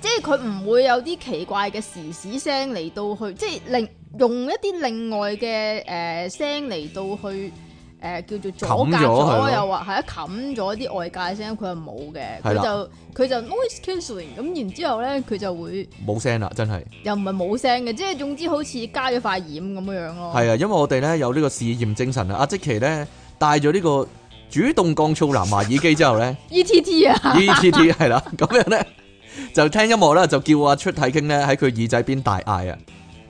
即係佢唔會有啲奇怪嘅時屎聲嚟到去，即係另用一啲另外嘅誒聲嚟到去誒、呃、叫做阻隔咗，又話係一冚咗啲外界嘅聲佢係冇嘅，佢的就佢就 noise cancelling 咁，然之後咧佢就會冇聲啦，真係又唔係冇聲嘅，即係總之好似加咗塊掩咁樣樣咯。係啊，因為我哋咧有呢個試驗精神啊，阿積淇咧帶咗呢、這個。主動降噪藍牙耳機之後咧 ，E T T 啊，E T T 係啦，咁樣咧就聽音樂啦，就叫阿出體傾咧喺佢耳仔邊大嗌啊！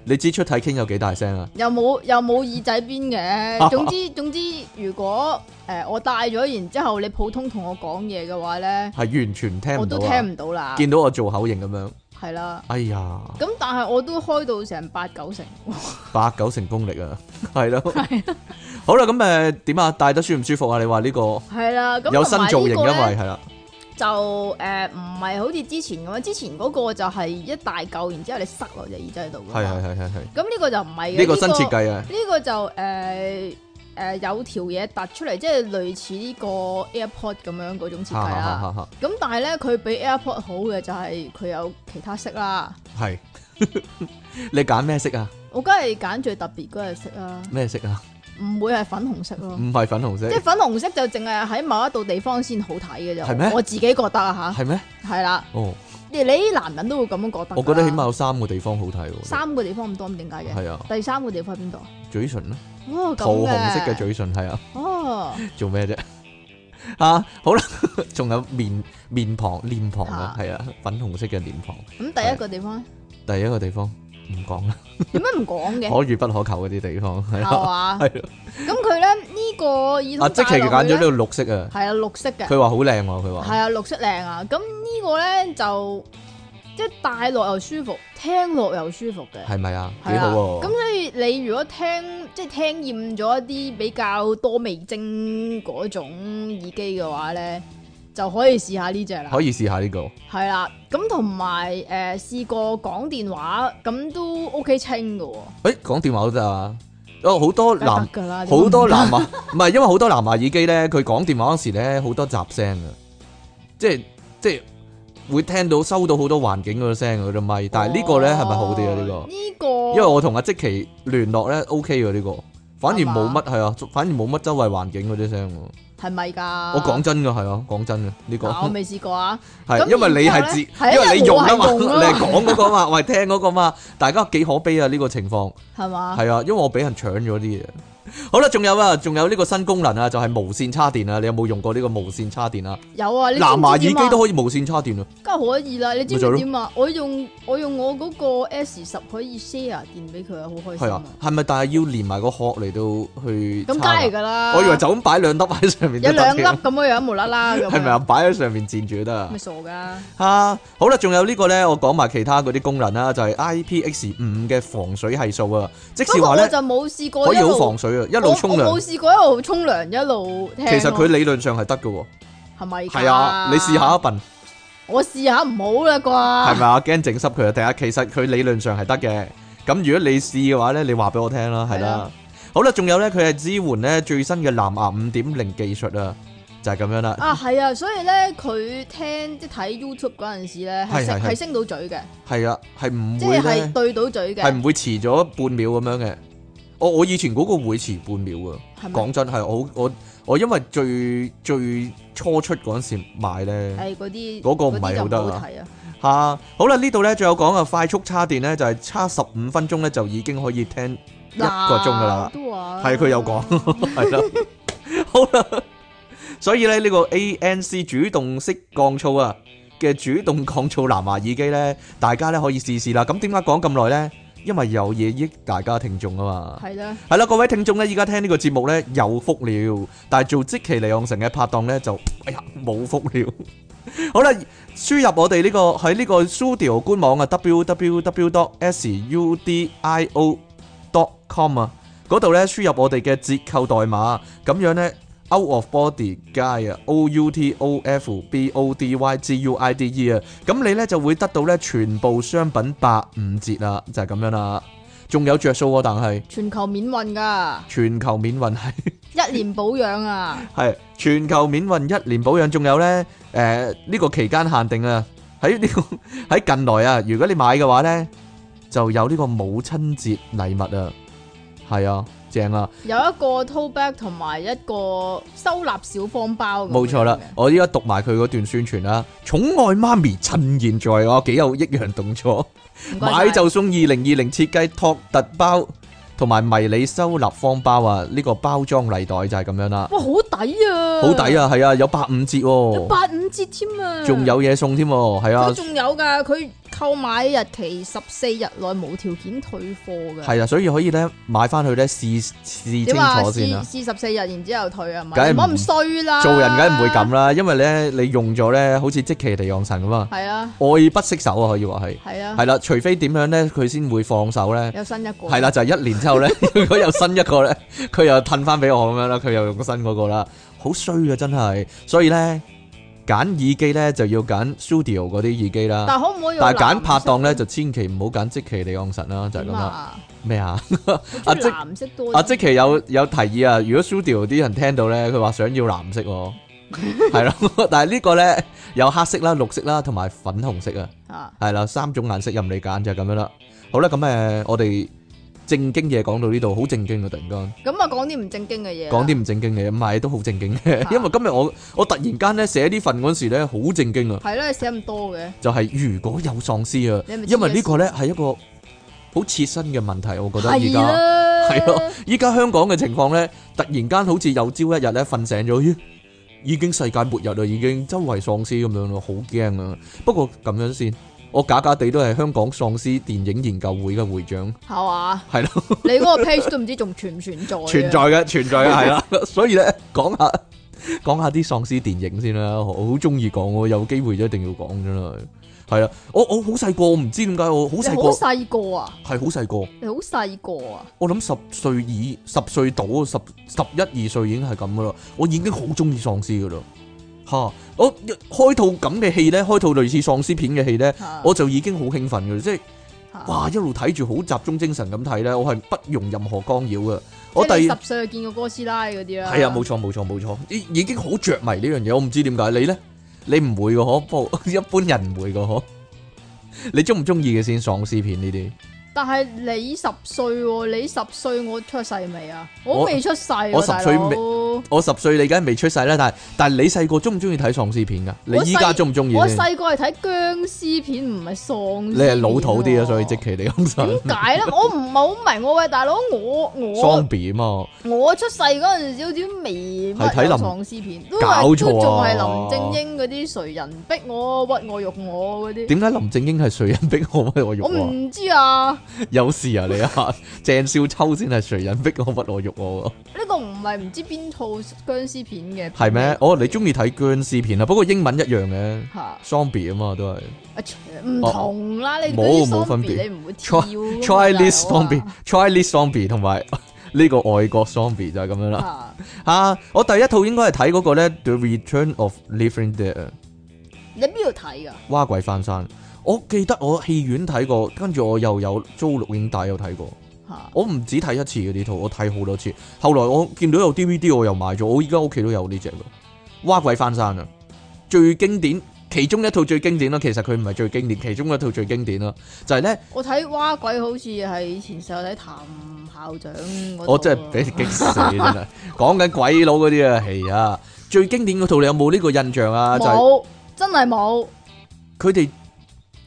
你知出體傾有幾大聲啊？又冇又冇耳仔邊嘅，總之總之如果誒、呃、我戴咗，然之後你普通同我講嘢嘅話咧，係 完全聽唔，我都聽唔到啦，見到我做口型咁樣。係啦，哎呀，咁但係我都開到成八九成，八九成功力啊，係咯 的，係啊， 好啦，咁誒點啊，戴得舒唔舒服啊？你話呢個係啦，咁有新造型啊，係啦，就誒唔係好似之前咁，之前嗰個就係一大嚿，然之後你塞落隻耳仔度，係係係係係，咁呢個就唔係呢個新設計啊，呢、這個這個就誒。呃誒、呃、有條嘢突出嚟，即係類似呢個 AirPod 咁樣嗰種設計啦。咁但係咧，佢比 AirPod 好嘅就係佢有其他色啦。係是， 你揀咩色啊？我梗係揀最特別嗰個色啦。咩色啊？唔會係粉紅色咯。唔係粉紅色，即係粉紅色就淨係喺某一度地方先好睇嘅啫。係咩嗎？我自己覺得啊嚇。係咩嗎？係啦。哦。你哋呢啲男人都會咁樣覺得、啊？我覺得起碼有三個地方好睇。三個地方唔多，咁點解嘅？係啊。第三個地方喺邊度？嘴唇咧。哦、桃紅色嘅嘴唇係啊。哦 麼。做咩啫？吓，好啦，仲 有面面龐、臉龐啊，係啊，粉紅色嘅臉龐。咁、啊嗯、第，第一個地方？第一個地方。唔講啦，有咩唔講嘅，可遇不可求嗰啲地方係啊，係咯 吧。咁佢咧呢、呢個耳啊，即係揀咗呢個綠色啊，係啊，綠色嘅。佢話好靚，佢話係啊，綠色靚啊。咁呢個咧就即係戴落又舒服，聽落又舒服嘅，係咪啊？係啊。幾好喎。咁所以你如果聽即係、就是、聽厭咗一啲比較多味精嗰種耳機嘅話咧。就可以試下呢隻啦，可以試下呢、這個，係啦，咁同埋誒試過講電話咁都 OK 清嘅喎。哦。誒、欸、講電話都得啊，哦好多藍好多藍牙，唔係 因為好多藍牙耳機咧，佢講電話嗰時咧好多雜聲嘅，即係即係會聽到收到好多環境嗰啲聲嗰啲咪。哦、但係呢個咧係咪好啲啊？呢個呢個，因為我同阿積淇聯絡咧 OK 嘅呢、這個，反而冇乜係啊，反而冇乜周圍環境嗰啲聲。係咪噶？我講真噶。係啊，講真噶，呢個。我未試過啊。係，因為你係接，因為你用啊嘛，你係講嗰個嘛，我係聽嗰個嘛，大家幾可悲啊呢個情況。係嘛？係啊，因為我俾人搶咗啲嘢。好啦，仲有啊，仲有呢個新功能啊，就係無線插電啊。你有冇用過呢個無線插電啊？有啊，藍牙耳機都可以無線插電啊。梗係可以啦，你知唔知點啊？我用我用我嗰個 S 十可以 share 電俾佢啊，好開心啊。係啊，係咪但係要連埋個殼嚟到去？咁梗係噶啦。我以為就咁擺兩粒喺上。有兩粒咁樣無樣無啦啦咁，係咪啊？擺喺上面佔住得？咪傻噶？吓，好啦，仲有個呢個咧，我講埋其他嗰啲功能啦，就係、是、IPX 五嘅防水係數啊。即時話咧，可以好防水啊，一路沖涼。冇試過一路沖涼一路。其實佢理論上係得噶喎。係咪？係啊，你試下一笨。我試下唔好啦啩？係咪啊？驚整濕佢啊？第一，其實佢理論上係得嘅。咁如果你試嘅話咧，你話俾我聽啦，係啦的。好啦，仲有咧，佢係支援咧最新嘅藍牙五點零技術啊，就係、是、咁樣啦。啊，係啊，所以咧佢聽即睇 YouTube 嗰陣時咧，係係升到嘴嘅。係啊，係唔會即係係對到嘴嘅，係唔會遲咗半秒咁樣嘅。我我以前嗰個會遲半秒啊，講嗎真係我我我因為最最初出嗰陣時買咧，係嗰啲嗰個唔係好得啊。吓、啊，好啦，呢度咧仲有講啊，快速插電咧就係、是、差十五分鐘咧就已經可以聽。一個鐘噶啦，係佢有講係啦，好啦，所以咧呢個 ANC 主動式降噪啊嘅主動降噪藍牙耳機咧，大家咧可以試試啦。咁點解講咁耐咧？因為有嘢益大家聽眾啊嘛，係啦，係啦，各位聽眾咧，依家聽呢個節目咧有福了，但係做即期離岸神嘅拍檔咧就哎呀冇福了。好啦，輸入我哋呢個喺呢個 Sudio 官網啊，w w w.s u d i o。dot.com 啊，嗰度咧輸入我哋嘅折扣代碼，咁樣咧 out of body guide 啊，o u t o f b o d y g u i d e 啊，咁你咧就會得到咧全部商品八五折啊，就係咁樣啦，仲有着數喎，但係全球免運噶，全球免運係一年保養啊，係全球免運一年保養，仲有咧誒呢個期間限定啊，喺呢個喺近來啊，如果你買嘅話咧。就有呢個母親節禮物啊，係啊，正啊，有一個托特包同埋一個收納小方包錯，冇錯啦。我依家讀埋佢嗰段宣傳啦，寵愛媽咪趁現在，我幾有益陽動作，謝謝買就送二零二零設計托特包同埋迷你收納方包啊！呢、這個包裝禮袋就係咁樣啦。哇，好抵啊！好抵啊，係啊，有八五折，八五折添啊，仲有嘢送添，係啊，仲有㗎佢、啊。購買日期十四日內無條件退貨嘅，係啊，所以可以咧買翻去咧試試清楚先啊！你話試十四日，然之後退啊嘛？梗係唔衰啦！做人梗係唔會咁啦，因為咧你用咗咧，好似積淇離岸神咁啊！係啊，愛不釋手啊！可以話係係啊，係啦，除非點樣咧，佢先會放手咧？有新一個係啦，就係一年之後咧，如果有新一個咧，佢又褪翻俾我咁樣啦，佢又用新嗰個啦，好衰啊！真係，所以咧。揀耳機咧就要揀 Studio 嗰啲耳機啦，但係揀拍檔咧就千祈唔好揀積淇離岸神啦，就係、是、咁啦。咩啊？啊即啊積淇有有提議啊，如果 Studio 啲人聽到咧，佢話想要藍色，係咯。但係呢個咧有黑色啦、綠色啦同埋粉紅色啊，係啦 三種顏色任你揀就係、是、咁樣啦。好啦，咁誒我哋。正經嘢講到呢度，好正經啊！突然間，咁啊講啲唔正經嘅嘢，講啲唔正經嘅嘢，唔係都好正經嘅。因為今日我我突然間咧寫呢份嗰時咧，好正經啊。係咯，寫咁多嘅，就係如果有喪屍啊，係係因為呢個咧係一個好切身嘅問題，我覺得而家係咯，依家的香港嘅情況咧，突然間好似有朝一日咧瞓醒咗，哎，已經世界末日喇，已經周圍喪屍咁樣咯，好驚啊！不過咁樣先，我假假地都係香港喪屍電影研究會嘅會長，啊，係嘛？係咯，你嗰個 page 都唔知仲存唔存在， 存在？存在嘅，存在嘅係啦。所以咧，講下講下啲喪屍電影先啦。我好中意講，有機會都一定要講咗啦。係啊，我我好細個，我唔知點解我好細個，細個啊，係好細個，你好細個啊。我諗十歲以、十歲到十十一二歲已經係咁噶啦。我已經好中意喪屍噶啦。吓！我開套咁嘅戲咧，開套類似喪屍片嘅戲咧，我就已經好興奮噶，即係哇一路睇住好集中精神咁睇咧，我係不容任何干擾噶。我第十歲就見過哥斯拉嗰啲啦，係啊，冇錯冇錯冇錯，已已經好着迷呢樣嘢，我唔知點解你咧，你唔會嘅嗬，不過一般人唔會嘅嗬，你中唔中意嘅先喪屍片呢啲？但係你十歲，哦，你十歲我出世未啊？我未出世啊，我十歲未，我十歲你梗係未出世啦。但係但係你細個中唔中意睇喪屍片噶？你依家中唔中意？我細個係睇殭屍片，唔係喪屍片。你係老土啲啊，所以即期你咁想。點解咧？我唔係好明，啊我，我喂大佬，我我。喪屍片啊！我出世嗰陣時，有啲未睇林喪屍片。搞錯啊！都仲係林正英嗰啲，誰人逼我屈我辱我嗰啲。點解林正英係誰人逼我屈我辱我？我唔知啊。有事啊！你啊，鄭少秋先係誰人逼我屈我辱我？呢個唔係唔知邊套僵屍片嘅，係咩？哦，你中意睇僵屍片啊？不過英文一樣嘅，吓，zombie 啊嘛都係，唔同啦，呢冇冇分別？你唔會 try this zombie，try this zombie 同埋呢個外國 zombie 就係咁樣啦。吓，我第一套應該係睇嗰個咧，The Return of Living Dead。你邊度睇噶？蛙鬼翻山。我記得我戲院睇過，跟住，我又有租錄影帶有睇過，啊、我唔止睇一次嘅呢套，我睇好多次。後來我見到有 DVD，我又買咗，我依家屋企都有呢隻嘅《蛙鬼翻山》啊，最經典，其中一套最經典啦。其實佢唔係最經典，其中一套最經典啦，就係、是、咧。我睇蛙鬼好似係以前細個睇譚校長。 我真係俾你激死啦！講緊鬼佬嗰啲啊，係啊，最經典嗰套你有冇呢個印象啊？就冇、是，真係冇。佢哋。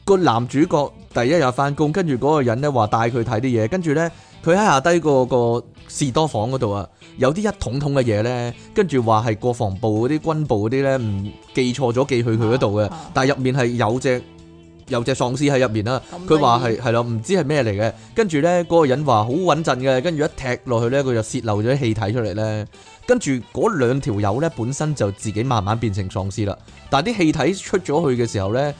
個男主角第一日翻工，跟住嗰個人呢，話帶佢睇啲嘢。跟住呢，佢喺下低個士多房嗰度啊，有啲一桶桶嘅嘢呢。跟住話係國防部嗰啲軍部嗰啲呢，唔記錯咗寄去佢嗰度嘅，但係入面係有隻有隻喪屍喺入面啦。佢話係係咯，唔知係咩嚟嘅。跟住呢，嗰個人話好穩陣嘅，跟住一踢落去呢，佢就洩漏咗啲氣體出嚟呢。跟住嗰兩條友呢，本身就自己慢慢變成喪屍啦，但係啲氣體出咗去嘅時候呢。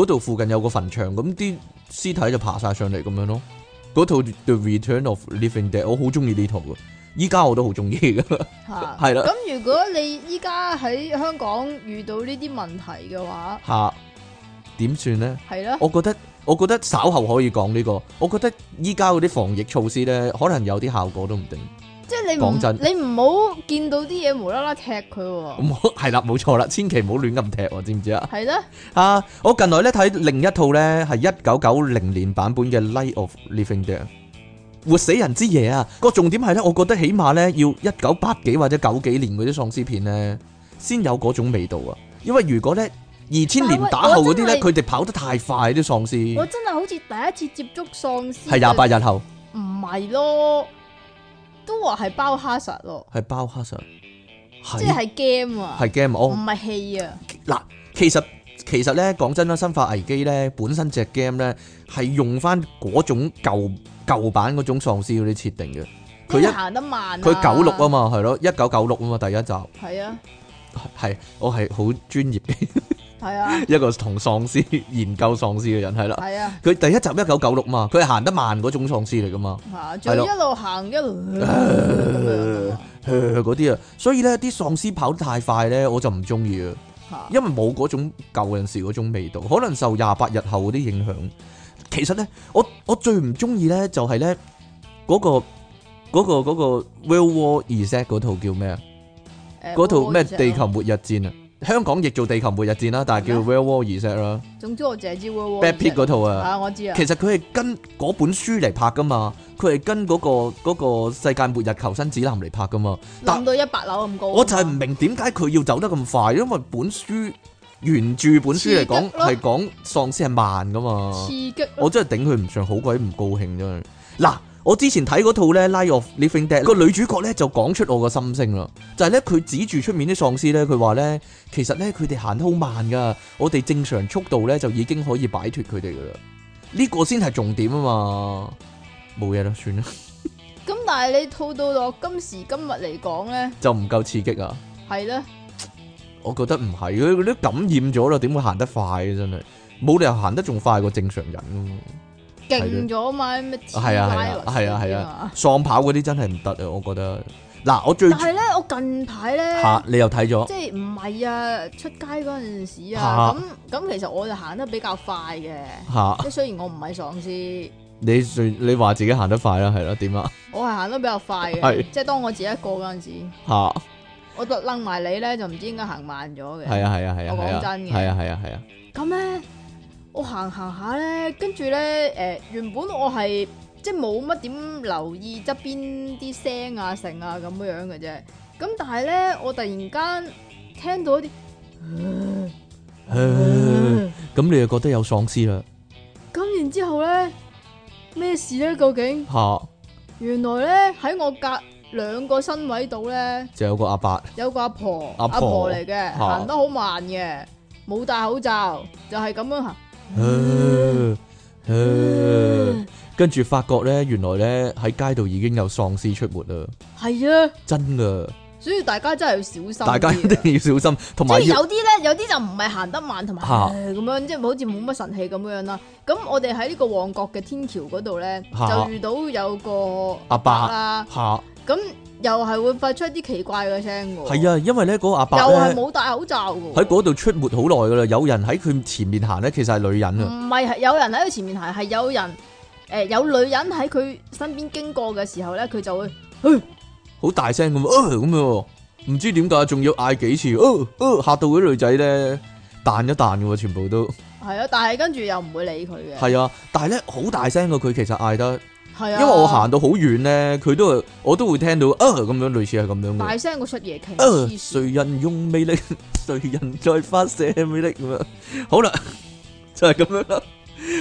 嗰度附近有個墳場，咁啲屍體就爬曬上嚟咁樣咯。嗰套《The Return of Living Dead》，我好中意呢套嘅，依家我都好中意嘅。嚇，係啦。咁如果你依家喺香港遇到呢啲問題嘅話，嚇點算咧？係啦，我覺得我覺得稍後可以講呢個。我覺得依家嗰啲防疫措施咧，可能有啲效果都唔定。即係你講真，你唔好見到啲嘢無啦啦踢佢喎。唔好係啦，冇錯啦，千祈唔好亂咁踢，知唔知啊？係啦，啊！我近來咧睇另一套咧，係一九九零年版本嘅《Night of the Living Dead》，活死人之夜啊！個重點係咧，我覺得起碼咧要一九八幾或者九幾年嗰啲喪屍片咧，先有嗰種味道啊！因為如果咧二千年打後嗰啲咧，佢哋跑得太快啲喪屍。我真係好似第一次接觸喪屍。係廿八日後。唔係咯。都話係包蝦實咯，係包蝦實，即係 game 啊，係 game，唔、oh。係戲啊。嗱，其實其實咧，講真啦，《生化危機》呢咧本身隻 game 咧係用翻嗰種舊，舊版嗰種喪屍嗰啲設定嘅，佢、啊、一，佢行得慢，佢九六啊嘛，係咯，一九九六啊嘛，第一集，係啊，係我係好專業嘅。 係啊，一個同喪屍研究喪屍嘅人係啦。係啊，佢第一集一九九六嘛，佢係行得慢嗰種喪屍嚟噶嘛。吓、啊，仲一路行了一路、呃。嗰啲啊，所以咧啲喪屍跑得太快咧，我就唔中意啊。因為冇嗰種舊陣時嗰種味道，可能受廿八日後嗰啲影響。其實咧，我我最唔中意咧就係咧嗰個、嗰個、嗰個 World War Z 嗰套叫咩啊？嗰、欸、套咩地球末日戰啊？欸香港亦做地球末日戰啦，但係叫 World War 二式啦。總之我借知《World War。Brad Pitt 嗰套啊，啊我知啊。其實佢係跟嗰本書嚟拍噶嘛，佢係跟嗰、嗰個、嗰個世界末日求生指南嚟拍噶嘛。諗到一百樓咁高。我就係唔明點解佢要走得咁快，因為本書原著本書嚟講係講喪屍係慢噶嘛。刺激。刺激我真係頂佢唔上，好鬼唔高興啫。嗱。我之前睇嗰套咧《Live of Living Dead》，那個女主角咧就講出我個心聲啦，就係咧佢指住出面啲喪屍咧，佢話咧其實咧佢哋行得好慢噶，我哋正常速度咧就已經可以擺脫佢哋噶啦，呢個先係重點啊嘛，冇嘢啦，算啦。咁 但係你套到我今時今日嚟講咧，就唔夠刺激啊。係啦的，我覺得唔係，佢都感染咗啦，點會行得快啊？真係冇理由行得仲快過正常人勁咗嘛？咩？係啊係啊係啊係啊！喪跑嗰啲真係唔得啊！我覺得嗱，我最但係咧，我近排咧嚇你又睇咗，即係唔係啊？出街嗰陣時啊，咁咁其實我就行得比較快嘅嚇，即係雖然我唔係喪屍，你你話自己行得快啦，係咯點啊？我係行得比較快嘅，即係當我自己一個嗰陣時嚇，我凸楞埋你咧，就唔知應該行慢咗嘅係啊係啊係啊，我講真嘅係啊係啊係啊咁咧。我行行下咧，跟住咧，誒、呃，原本我係即係冇乜點留意側邊啲聲啊、剩啊咁樣嘅啫。咁但係咧，我突然間聽到一啲，咁你就覺得有喪屍啦？咁然之後咧，咩事咧？究竟？吓！原來咧喺我隔兩個身位度咧，就有個阿伯，有個阿婆，阿婆嚟嘅，啊、行得好慢嘅，冇戴口罩，就係、是、咁樣行。啊啊、跟住發覺咧，原來咧喺街度已經有喪屍出沒啦。係啊，真啊的。所以大家真係要小心。大家一定要小心，同埋即係有啲咧，有啲就唔係行得慢，同埋咁樣，即係好似冇乜神器咁樣啦。咁我哋喺呢個旺角嘅天橋嗰度咧，哈就遇到有個伯阿伯啦。吓咁。又係會發出一啲奇怪嘅聲嘅。係啊，因為咧嗰個阿伯、伯又係冇戴口罩嘅。喺嗰度出沒好耐噶啦，有人喺佢前面行咧，其實係女人啊。唔係、嗯，有人喺佢前面行，係有人誒、呃，有女人喺佢身邊經過嘅時候咧，佢就會，好大聲咁啊，咁唔知點解仲要嗌幾次啊啊，吓、呃呃、到啲女仔咧彈一彈嘅喎，全部都係啊，但係跟住又唔會理佢嘅。係啊，但係咧好大聲嘅佢，其實嗌得。因為我行到好遠咧，佢都我都會聽到啊咁樣，類似係咁樣。大聲個出嘢劇。啊！誰人用魅力，誰人再發射魅力咁樣！好啦，就係咁樣啦。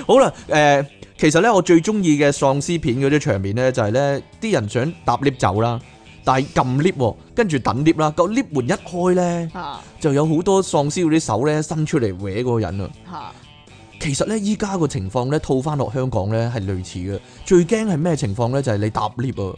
好啦，誒，其實咧，我最中意嘅喪屍片嗰啲場面咧，就係咧啲人想搭 lift 走啦，但係撳 lift，跟住等 lift 啦，個 lift 門一開咧，就有好多喪屍嗰啲手咧伸出嚟搲個人啊。其實咧，依家個情況咧，套翻落香港咧係類似嘅。最驚係咩情況咧？就係你搭 lift 啊，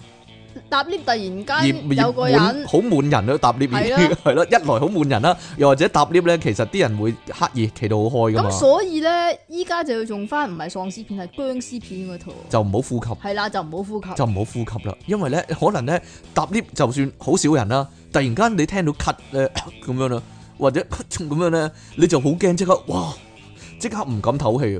搭 lift 突然間有個人好滿人咯，搭 lift 係咯，一來好滿人啦，又或者搭 lift 咧，其實啲人會刻意企到好開咁。咁所以咧，依家就要用翻唔係喪屍片，係殭屍片嗰套。就唔好呼吸。係啦，就唔好呼吸，就唔好呼吸啦。因為咧，可能咧，搭 lift 就算好少人啦，突然間你聽到咳咧咁樣啦，或者咳咁樣咧，你就好驚即刻哇！即刻唔敢唞氣啊！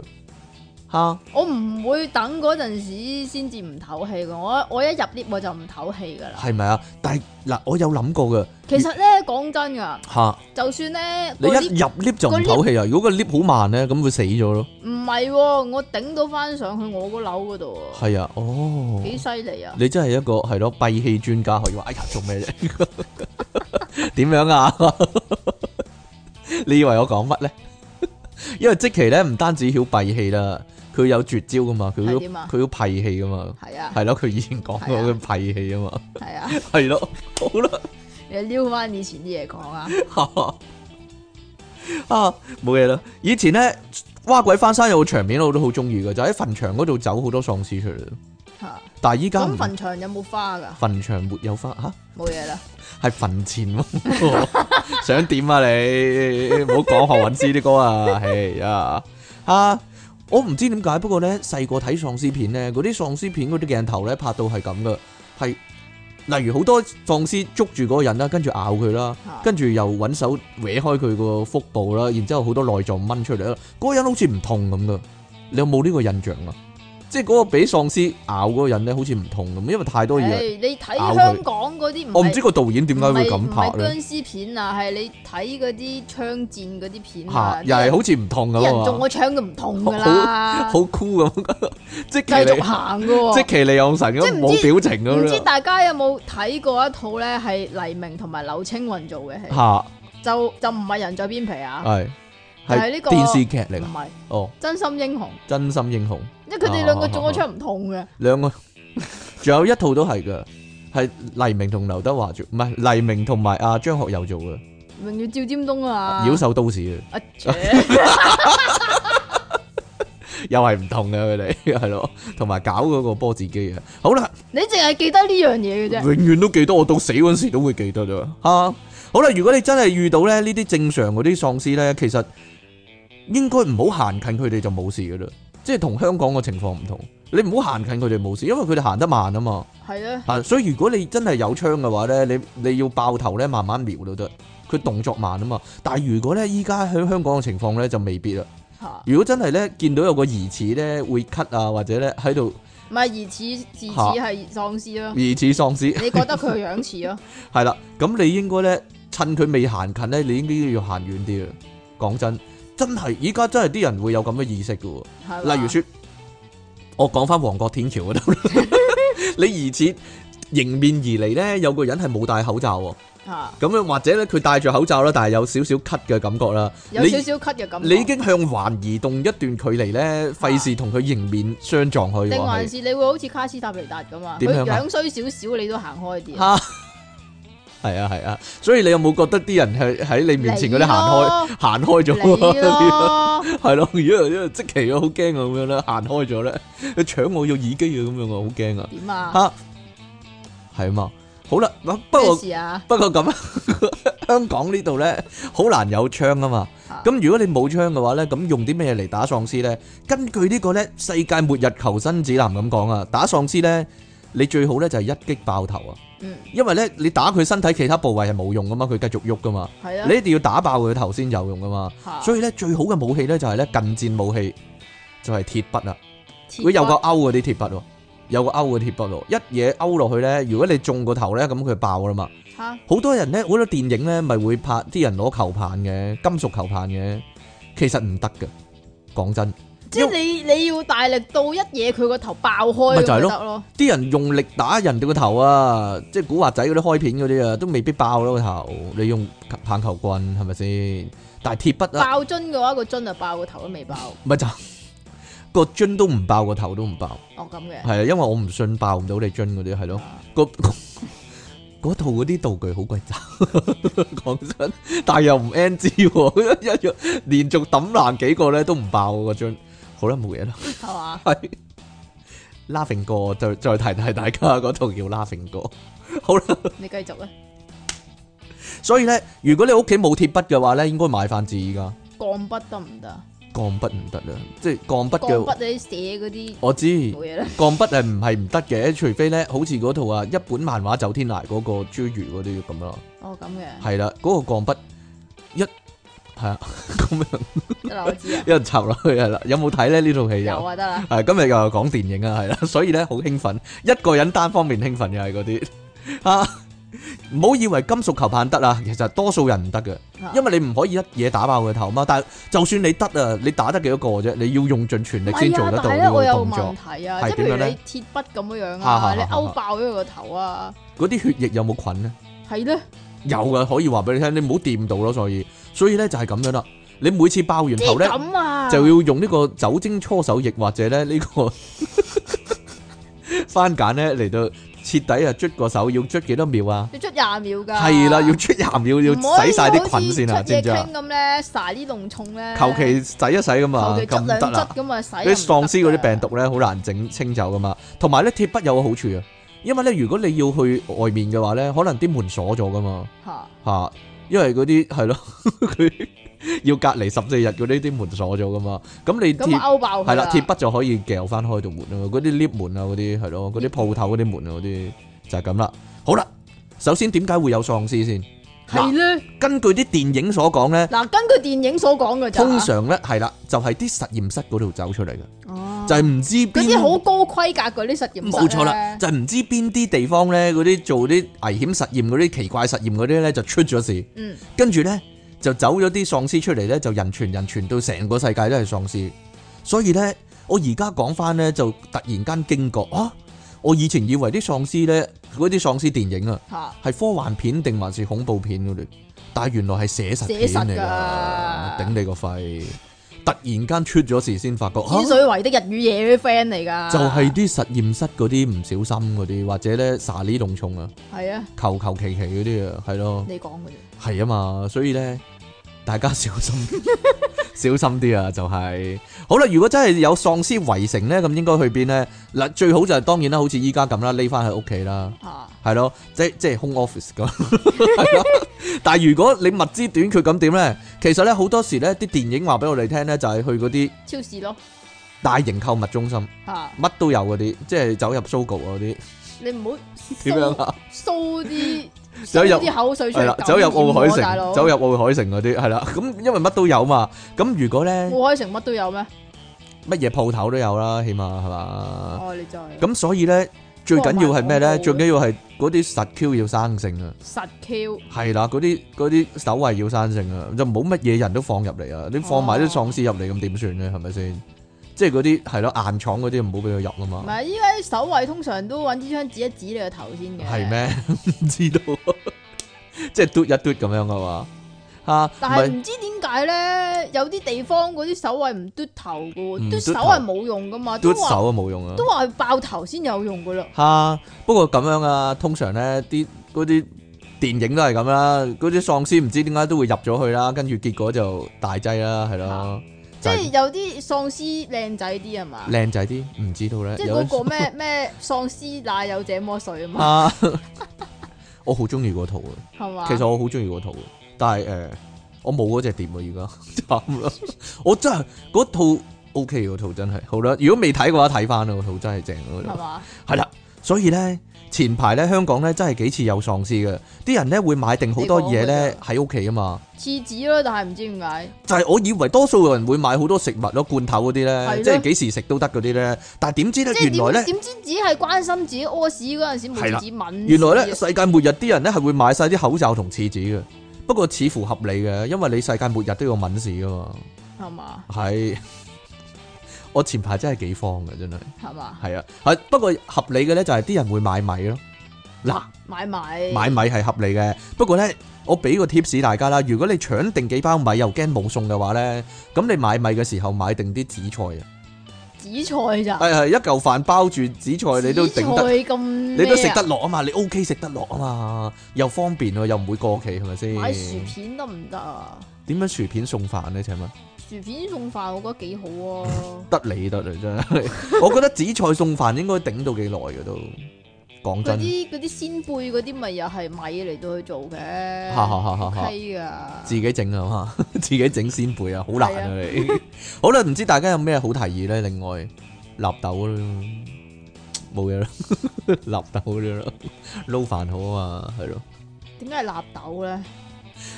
吓，我唔會等嗰陣時先至唔唞氣噶，我我一入 lift 我就唔唞氣噶啦。係咪啊？但係嗱，我有諗過噶。其實咧，講真噶，吓哈，就算咧，那個、升降機你一入 lift 就唔唞氣啊！如果個 lift 好慢咧，咁會死咗咯。唔係，我頂到翻上去我嗰樓嗰度。係啊，哦，幾犀利啊！你真係一個係咯閉氣專家，可以話哎呀做咩啫？點 樣啊？ 你以為我講乜咧？因為積淇咧唔單止曉閉氣啦，佢有絕招噶嘛，佢要佢要閉氣噶嘛，係啊，係咯，佢以前講過嘅閉氣啊嘛，係啊，係咯，好啦，撩翻以前啲嘢講啊，啊冇嘢啦，以前咧挖鬼翻山有個場面我都好中意嘅，就喺、是、墳場嗰度走好多喪屍出嚟。但係依家墳場有冇花噶？墳場沒有花吓，冇嘢啦。係墳 前 想點啊你？唔好講何韻詩啲歌啊！唉呀 啊！我唔知點解，不過咧細個睇喪屍片咧，嗰啲喪屍片嗰啲鏡頭咧拍到係咁噶，係例如好多喪屍捉住嗰個人啦，跟住咬佢啦， 跟住又搵手歪開佢個腹部啦，然之後好多內臟掹出嚟啦，嗰個人好似唔痛咁噶，你有冇呢個印象啊？即係嗰個俾喪屍咬嗰個人咧，好似唔同。咁，因為太多嘢你睇香港咬佢。我唔知個導演點解會咁拍咧。唔係僵屍片啊，係你睇嗰啲槍戰嗰啲片又係好似唔同。噶。人中個槍就唔同，噶啦。好酷。咁，即係繼續行噶。即積淇離岸神即係冇表情，唔知大家有冇睇過一套咧？係黎明同埋劉青雲做嘅戲。吓，就就唔係人在邊皮啊？係係呢個電視劇嚟，唔係哦，真心英雄。真心英雄。即係佢哋兩個做嗰出唔同嘅，兩個仲有一套都係嘅，係黎明同劉德華做，唔係黎明同埋阿張學友做嘅。明月照尖東啊，妖獸都市啊，又係唔同嘅佢哋係咯，同埋搞嗰個波子機啊。好啦，你淨係記得呢樣嘢嘅啫，永遠都記得，我到死嗰時都會記得咗。吓，好啦，如果你真係遇到咧呢啲正常嗰啲喪屍咧，其實應該唔好行近佢哋就冇事嘅啦。即係同香港嘅情況唔同，你唔好行近佢哋冇事，因為佢哋行得慢啊嘛。係的啊，所以如果你真係有槍嘅話呢，你你要爆頭呢，慢慢瞄都得。佢動作慢啊嘛。但係如果呢，依家喺香港嘅情況呢，就未必啦。如果真係呢，見到有個疑似呢，會咳啊，或者呢喺度，唔係疑似，疑似係喪屍咯。疑似喪屍，啊、喪屍你覺得佢樣似咯？係啦， 咁你應該呢，趁佢未行近呢，你應該要行遠啲啦。講真。真係依家真係啲人會有咁嘅意識嘅喎，吧例如説，我講翻旺角天橋嗰度， 你疑似迎面而嚟呢，有個人係冇戴口罩喎，咁樣是或者呢，佢戴住口罩啦，但係有少少咳嘅感覺啦，有少少咳嘅感覺你，你已經向環移動一段距離呢，費事同佢迎面相撞去，定還是你會好似卡斯塔尼達咁啊？佢樣衰少，少少，你都行開啲。 係啊係啊，所以你有冇覺得啲人喺喺你面前嗰啲行開行開咗啊？係咯，如果如果即奇我好驚咁樣咧，行開咗咧，佢搶我隻耳機啊咁樣，我好驚啊！點 啊？吓、啊，係嘛？好啦，不過、啊、不過咁 香港呢度咧好難有槍啊嘛。咁、啊、如果你冇槍嘅話咧，咁用啲咩嚟打喪屍咧？根據呢個咧《世界末日求生指南》咁講啊，打喪屍咧。你最好咧就係一擊爆頭啊，嗯，因為咧你打佢身體其他部位係冇用噶嘛，佢繼續喐噶嘛，是的 你一定要打爆佢頭先有用噶嘛。是的 所以咧最好嘅武器咧就係咧近戰武器就係鐵筆啊，佢筆有個勾嗰啲鐵筆，有個勾嘅鐵筆咯，一嘢勾落去咧，如果你中個頭咧，咁佢爆噶啦嘛。好哈多人咧，好多電影咧咪會拍啲人攞球棒嘅，金屬球棒嘅，其實唔得噶，講真。即係你你要大力到一嘢佢個頭爆開咪就係咯。啲人用力打人哋個頭啊，即係古惑仔嗰啲開片嗰啲啊，都未必爆咯個頭。你用棒球棍係咪先？但係鐵筆啊爆樽嘅話，個樽就爆個頭都未爆。咪就個樽都唔爆個頭都唔爆。哦咁嘅。係啊，因為我唔信爆唔到你樽嗰啲，係咯。個嗰套嗰啲道具好鬼渣，講真，但係又唔 NG，一樣連續抌爛幾個咧都唔爆個樽。好啦，冇嘢啦。係嘛吧？係。Laughing 哥，再再提提大家嗰套叫 Laughing 哥。好啦，你繼續啦。 所以咧，如果你屋企冇鐵筆嘅話咧，應該買翻支依家。鋼筆得唔得？鋼筆唔得啦，即係鋼筆嘅。鋼筆嗰啲寫嗰啲。我知。冇嘢啦。鋼筆係唔係唔得嘅？除非咧，好似嗰套啊，一本漫畫走天涯嗰個侏儒嗰啲咁咯。哦，咁嘅。係啦，嗰、嗰個鋼筆。係啊，一人，一人插落去係啦。有冇睇咧呢套戲？有啊，得啦。係今日又講電影啊，係啦，所以咧好興奮。一個人單方面興奮又係嗰啲啊，唔好以為金屬球棒得啦，其實多數人唔得嘅，因為你唔可以一嘢打爆佢頭嘛。但就算你得啊，你打得幾多個啫？你要用盡全力先做得到嘅動作。係點解咧？鐵筆咁樣樣啊，你勾爆咗佢個頭啊？嗰啲血液有冇菌咧？係咧，有啊，可以話俾你聽，你唔好掂到咯。所以。所以咧就係咁樣啦，你每次爆完頭咧、啊、就要用呢個酒精搓手液或者咧、這個、 呢個番梘咧嚟到徹底啊捽個手，要捽幾多秒啊？要捽廿秒噶。係啦，要捽廿秒，要洗晒啲菌先啊，知唔知啊？咁咧，晒啲膿重咧。求其洗一洗噶嘛，求其質量質噶嘛，擦擦擦洗嘛。喪屍嗰啲病毒咧好難整清，清走噶嘛，同埋咧鐵筆有個好處啊，因為咧如果你要去外面嘅話咧，可能啲門鎖咗噶嘛，吓。 因為嗰啲係咯，佢 要隔離十四日，嗰啲啲門鎖咗㗎嘛，咁你係啦，鐵筆就可以撬翻開度門啊，嗰啲 lift 門啊，嗰啲係咯，嗰啲鋪頭嗰啲門啊，嗰啲就係咁啦。好啦，首先點解會有喪屍先？係咧，根據啲電影所講咧，嗱，根據電影所講嘅，通常咧係啦，就係啲實驗室嗰度走出嚟嘅。啊，就係唔知邊啲好高規格嗰啲實驗室，冇錯啦，就係唔知邊啲地方咧，嗰啲做啲危險實驗、嗰啲奇怪實驗、嗰啲咧就出咗事，嗯，跟住咧就走咗啲喪屍出嚟咧，就人傳人傳到成個世界都係喪屍，所以咧我而家講翻咧就突然間驚覺啊，我以前以為啲喪屍咧。嗰啲喪屍電影啊，係科幻片定還是恐怖片嗰啲？但係原來係寫實片嚟噶，頂你個肺！突然間出咗事先發覺，天水圍的日與夜 friend 嚟㗎，就係、是、啲實驗室嗰啲唔小心嗰啲，或者咧撒呢農蟲啊，係啊，求求其其嗰啲啊，係咯，你講㗎啫，係啊嘛，所以咧。大家小心， 小心啲啊、就是！就係好啦，如果真係有喪屍圍城呢，咁應該去邊呢？嗱，最好就係當然啦，好似依家咁啦，匿翻喺屋企啦，係咯，即即係 home office 咁。 但係如果你物資短缺，咁點呢？其實呢，好多時呢啲電影話俾我哋聽呢，就係去嗰啲超市咯，大型購物中心，乜都有嗰啲，即係走入 Sogo 嗰啲。你唔好點樣啊？掃啲。走入口水出嚟，走入奧海城，走入奧海城嗰啲係啦。咁因為乜都有嘛。咁如果咧，奧海城乜都有咩？乜嘢鋪頭都有啦，起碼係嘛。哦，你再。咁所以咧，最緊要係咩咧？最緊要係嗰啲實 Q 要生性啊。實 Q 係啦，嗰啲嗰啲守衛要生性啊，就冇乜嘢人都放入嚟啊。你放埋啲喪屍入嚟，咁點算咧？係咪先？即係嗰啲係咯，硬闖嗰啲唔好俾佢入啊嘛。唔係，依家守衞通常都揾支槍指一指你個頭先嘅。係咩是嗎？唔 知道，即係嘟一嘟咁樣噶嘛嚇。但係唔知點解咧，有啲地方嗰啲守衞唔嘟頭噶喎，嘟、嗯、手係冇用噶嘛。嘟手啊冇用啊，都話爆頭先有用噶啦。嚇、啊，不過咁樣啊，通常咧，啲嗰啲電影都係咁啦，嗰啲喪屍唔知點解都會入咗去啦，啊，跟住結果就大劑啦，係咯。 即係有啲喪屍靚仔啲係嘛？靚仔啲唔知道咧。即係嗰個咩咩 喪屍哪有這麼水啊嘛！ 我好中意嗰套啊，係嘛吧？其實我好中意嗰套啊，但係誒、呃，我冇嗰隻碟啊，而家慘啊！呵呵 我真係嗰套，嗰套 OK 嗰套真係好啦。如果未睇嘅話，睇翻啊，嗰套真係正啊，係嘛？係啦吧。 所以咧，前排咧，香港咧真係幾次有喪屍嘅，啲人咧會買定好多嘢咧喺屋企啊嘛。廁紙咯，但係唔知點解。就係我以為多數人會買好多食物咯，罐頭嗰啲咧，的即係幾時食都得嗰啲咧。但係點知咧，原來咧，點知只係關心自己屙屎嗰陣時冇紙揾。原來咧，世界末日啲人咧係會買晒啲口罩同廁紙嘅。不過似乎合理嘅，因為你世界末日都要敏事噶嘛。係嘛嗎？係。我前排真係幾慌嘅，真係。係嘛吧？係啊，係不過合理嘅咧，就係啲人會買米咯。嗱，買米，買米係合理嘅。不過咧，我俾個 tips 大家啦，如果你搶定幾包米又驚冇餸嘅話咧，咁你買米嘅時候買定啲紫菜啊。紫菜咋？係係一嚿飯包住紫菜，你都頂得咁，麼麼你都食得落啊嘛？你 OK 食得落啊嘛？又方便，啊、又唔會過期，係咪先？買薯片都唔得。啊？點樣薯片餸飯咧？請問？薯片送飯我覺得幾好啊！ 得你得啦，真係！ 我覺得紫菜送飯應該頂到幾耐㗎都，講真。嗰啲嗰啲仙貝嗰啲咪又係米嚟到去做嘅，係 啊！啊啊 okay、的自己整啊嘛， 自己整仙貝啊，好難啊你。啊 好啦，唔知大家有咩好提議咧？另外納豆啦，冇嘢啦，納豆咯，撈 飯好啊，嘛，係咯。點解係納豆咧？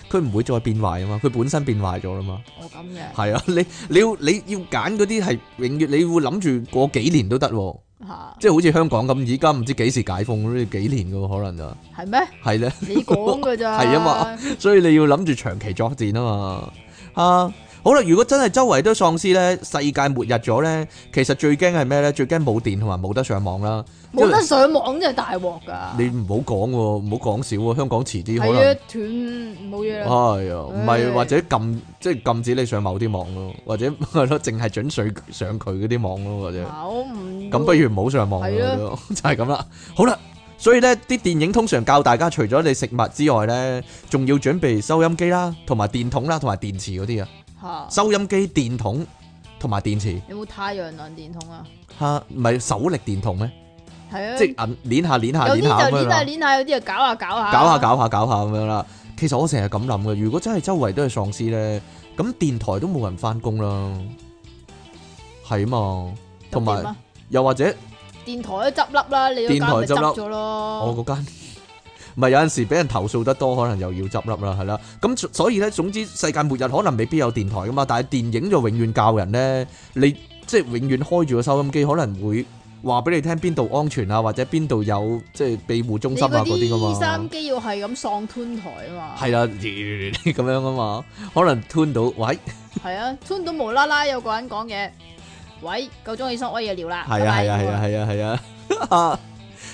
佢唔會再變壞啊嘛，佢本身變壞咗啦嘛。哦，咁嘅。係啊，你你要你要揀嗰啲係永遠你會諗住過幾年都得喎，啊。啊，即係好似香港咁，而家唔知幾時解封都要幾年噶可能啊。係咩？係咧，你講噶咋？係啊嘛，所以你要諗住長期作戰啊嘛，啊。好啦，如果真係周圍都喪屍咧，世界末日咗咧，其實最驚係咩咧？最驚冇電同埋冇得上網啦，冇為得上網真係大鑊噶。你唔好講喎，唔好講笑喎。香港遲啲可能斷冇嘢啦。係啊，唔係、哎哎、呀或者禁即係禁止你上某啲網咯，或者係咯，淨 係準許上佢嗰啲網咯，或者咁不，不如唔好上網咯，的 就係咁啦。好啦，所以咧啲電影通常教大家除咗你食物之外咧，仲要準備收音機啦，同埋電筒啦，同埋電池嗰啲啊。收音機、電筒同埋電池，有冇太陽能電筒啊？吓，唔係手力電筒咩？係啊，即係擰，捻下，捻下，捻下咁樣啦。有啲就捻下，捻下，有啲就搞下，搞下。搞下，搞下，搞下咁樣啦。其實我成日咁諗嘅，如果真係周圍都係喪屍咧，咁電台都冇人翻工啦，係啊嘛，同埋又或者電台都執笠啦，你電台執笠咗咯，我嗰間。咪有陣時俾人投訴得多，可能又要執笠啦，係啦。咁所以咧，總之世界末日可能未必有電台噶嘛，但係電影就永遠教人咧，你即係永遠開住個收音機，可能會話俾你聽邊度安全啊，或者邊度有即係庇護中心啊嗰啲噶嘛。收音機要係咁喪吞台啊嘛。係啦，咁樣啊嘛，可能吞到喂。係啊，吞到無啦啦有個人講嘢，喂，夠鐘起身屙嘢尿啦。係啊，係啊，係啊，係啊，係啊。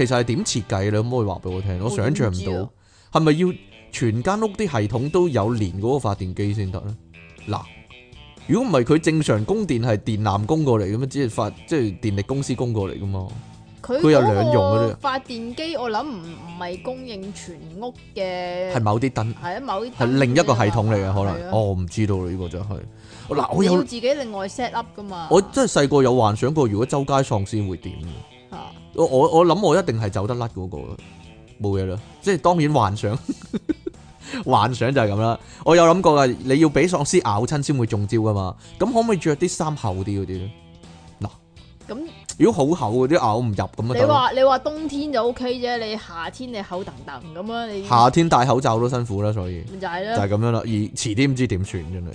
其實係點設計你可唔可以話俾我聽？我想象唔到、啊，係咪要全間屋啲系統都有連嗰個發電機先得咧？嗱，如果唔係佢正常供電係電纜供過嚟嘅咩？只係發即係電力公司供過嚟噶嘛？佢佢有兩用嘅咧。發電機我諗唔唔係供應全屋嘅，係某啲燈，係啊某啲，係另一個系統嚟嘅可能。的哦、我唔知道啦，呢、這個真係嗱，我要自己另外 set up 噶嘛？我真係細個有幻想過，如果周街喪屍會點？啊我我我諗我一定係走得甩嗰個咯，冇嘢啦，即係當然幻想， 幻想就係咁啦。我有諗過噶，你要俾喪屍咬親先會中招噶嘛？咁可唔可以着啲衫厚啲嗰啲咧？嗱，咁、嗯、如果好厚嗰啲咬唔入咁啊？你話說你話冬天就 O K 啫，你夏天你厚鄧鄧咁啊？你夏天戴口罩都辛苦啦，所以就係啦，就係咁樣啦。而遲啲唔知點算真係。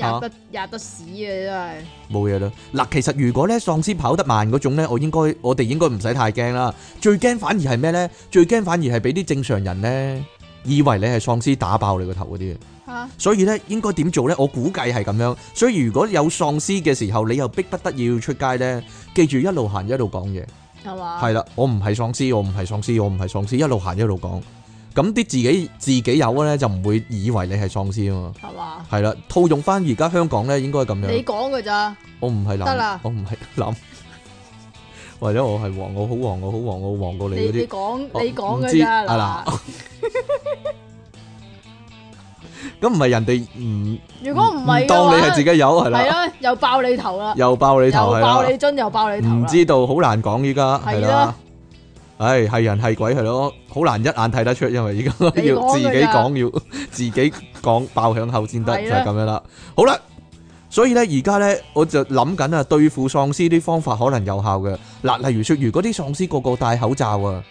呀得呀得屎嘅真係，冇嘢啦。嗱，其實如果咧喪屍跑得慢嗰種咧，我應該我哋應該唔使太驚啦。最驚反而係咩咧？最驚反而係俾啲正常人咧，以為你係喪屍打爆你個頭嗰啲。吓，所以咧應該點做咧？我估計係咁樣。所以如果有喪屍嘅時候，你又迫不得已出街咧，記住一路行一路講嘢。係嘛？係啦，我唔係喪屍，我唔係喪屍，我唔係喪屍，一路行一路講。咁啲自己自己有咧，就唔會以為你係喪屍啊嘛，係嘛？係啦，套用翻而家香港咧，應該咁樣。你講嘅咋？我唔係諗得啦，我唔係諗，或者我係黃，我好黃，我好黃，我黃過你嗰啲。你講你講嘅咋？咁唔係人哋唔？如果唔係嘅話，當你係自己有係啦，又爆你頭啦，又爆你頭，爆你樽，又爆你頭。唔知道，好難講依家係啦。唉，係、哎、人係鬼係咯，好難一眼睇得出，因為而家要自己講，要自己講 爆響口先得，就係、是、咁樣啦。 好啦，所以呢，而家呢，我就諗緊啊，對付喪屍啲方法可能有效嘅嗱，例如說，如果啲喪屍個個戴口罩啊，